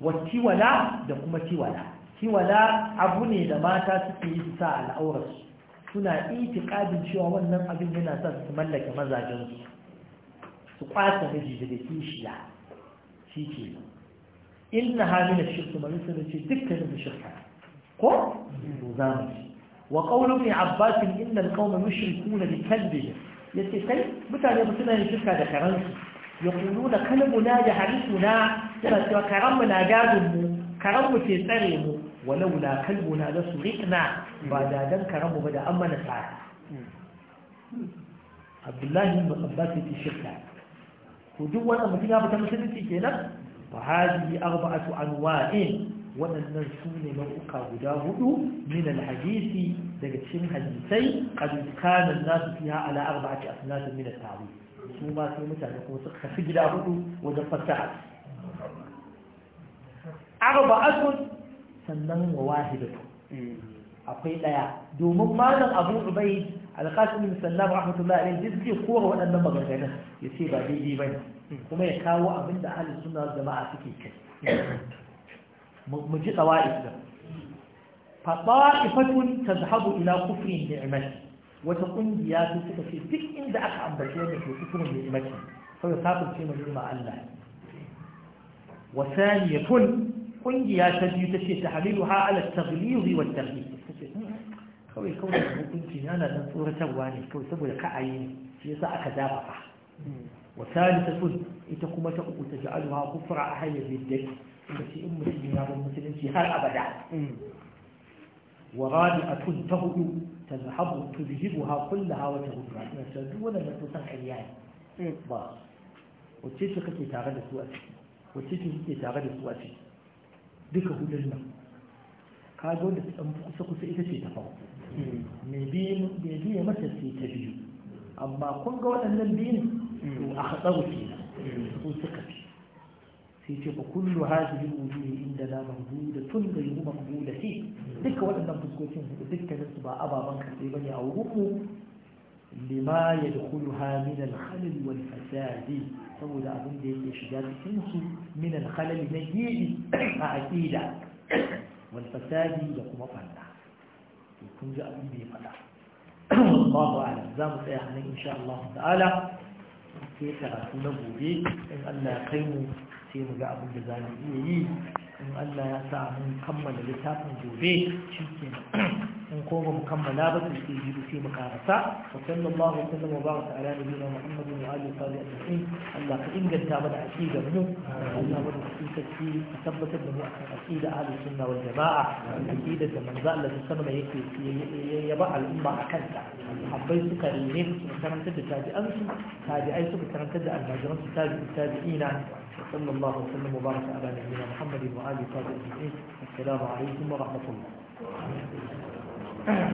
wa tiwala da kuma tiwala tiwala abu ne da mata suke yi sa al'aurar suna itikadin cewa wannan abin yana sa su mallake mazajensu su kwata miji daga kishiya shi ke inna hamina shirku mai sun ce dukkanin shirka ko zamu wa qawlu ibn abbas inna al-qawma mushrikuna bi kalbihi yace kai mutane ba suna yin shirka da karansu yaquluna kalbuna yahrisuna yana cewa mu na gadin mu mu ke tsare mu walaula kalbuna la suriqna ba da dan mu ba da amana sa Abdullahi ibn Abbas yace shirka Ko duk wanda mutum ya fita musulunci kenan fa hadhihi arba'atu anwa'in waɗannan su ne nau'uka guda hudu min alhadisi daga cikin hadisai qad kana an-nas fiha ala a asnad min at tari. su ma sai mutane kuma su kafi gida hudu wajen fasaha sun sannan wa wahidatu akwai ɗaya. domin malam Abu Ubayd alƙasim bin sallam rahmatullah alayhi duk zai kora waɗannan maganganun ya ce ba daidai bane kuma ya kawo abin da ahlus sunna jama'a suke kai mu ji tsawa'is din faɗa'ifatun ta zahabu ila kufurin ni'imati wata ƙungiya su suka ce duk inda aka ambace da ke kufurin ni'imati saboda kafin ce mai nima Allah wasaniyatun ƙungiya ta biyu ta ce ta halilu ha ala taglizi wa tarbi kawai kawai da hukunci yana nan tsoratarwa ne kawai saboda ka ayi ne shi yasa aka dafa wasalitatun ita kuma ta uku ta ja'aluha kufra ahayya biddati suka ce in mutum ya bar musulunci har abada mm. wa rabi'atun ta hudu ta zahabu tu zihibu ha kulla hawa ta hudu ba ina cewa duk wannan nasu ƙarya ne mm. ba wacce ce kake tare da su a ciki wacce ce kake tare da su a duka ka kusa kusa ita ce ta mm. biye ta biyu amma kun ga waɗannan biyun sai ce fa kullu hadhihi al-wujuh indana mawjudatun ghayru maqbulati duka waɗannan fuskokin hudu dukkanin su ba ababan karɓe bane a wurin lima yadkhuluha min al-khalal wal fasad saboda abin da yake shiga cikin su min al-khalal na gidi a aqida wal fasad da kuma fanna kun ji abin da ya faɗa Allahu a'lam za mu tsaya nan insha Allah ta'ala sai karatu na gobe in Allah ya kai mu sai mu ga abin da za mu iya yi in Allah ya sa mun kammala littafin gobe shi ke in ko ba mu kammala ba su ke jibi sai mu karasa wa sallallahu alaihi wasallam wa baraka ala nabiyina Muhammad wa alihi wa sahbihi Allah ka inganta mana aqida mu Allah mu cikin sarki ka tabbatar da mu akan aqida ahlus sunna wal jamaa aqida da manzo Allah ta sama da yake ya ba al'umma akan ta habbai suka rene su karantar da tabi'an su tabi'ai suka da almajiran su tabi'ina وصلى الله وسلم وبارك على نبينا محمد وآله وصحبه السلام عليكم ورحمة الله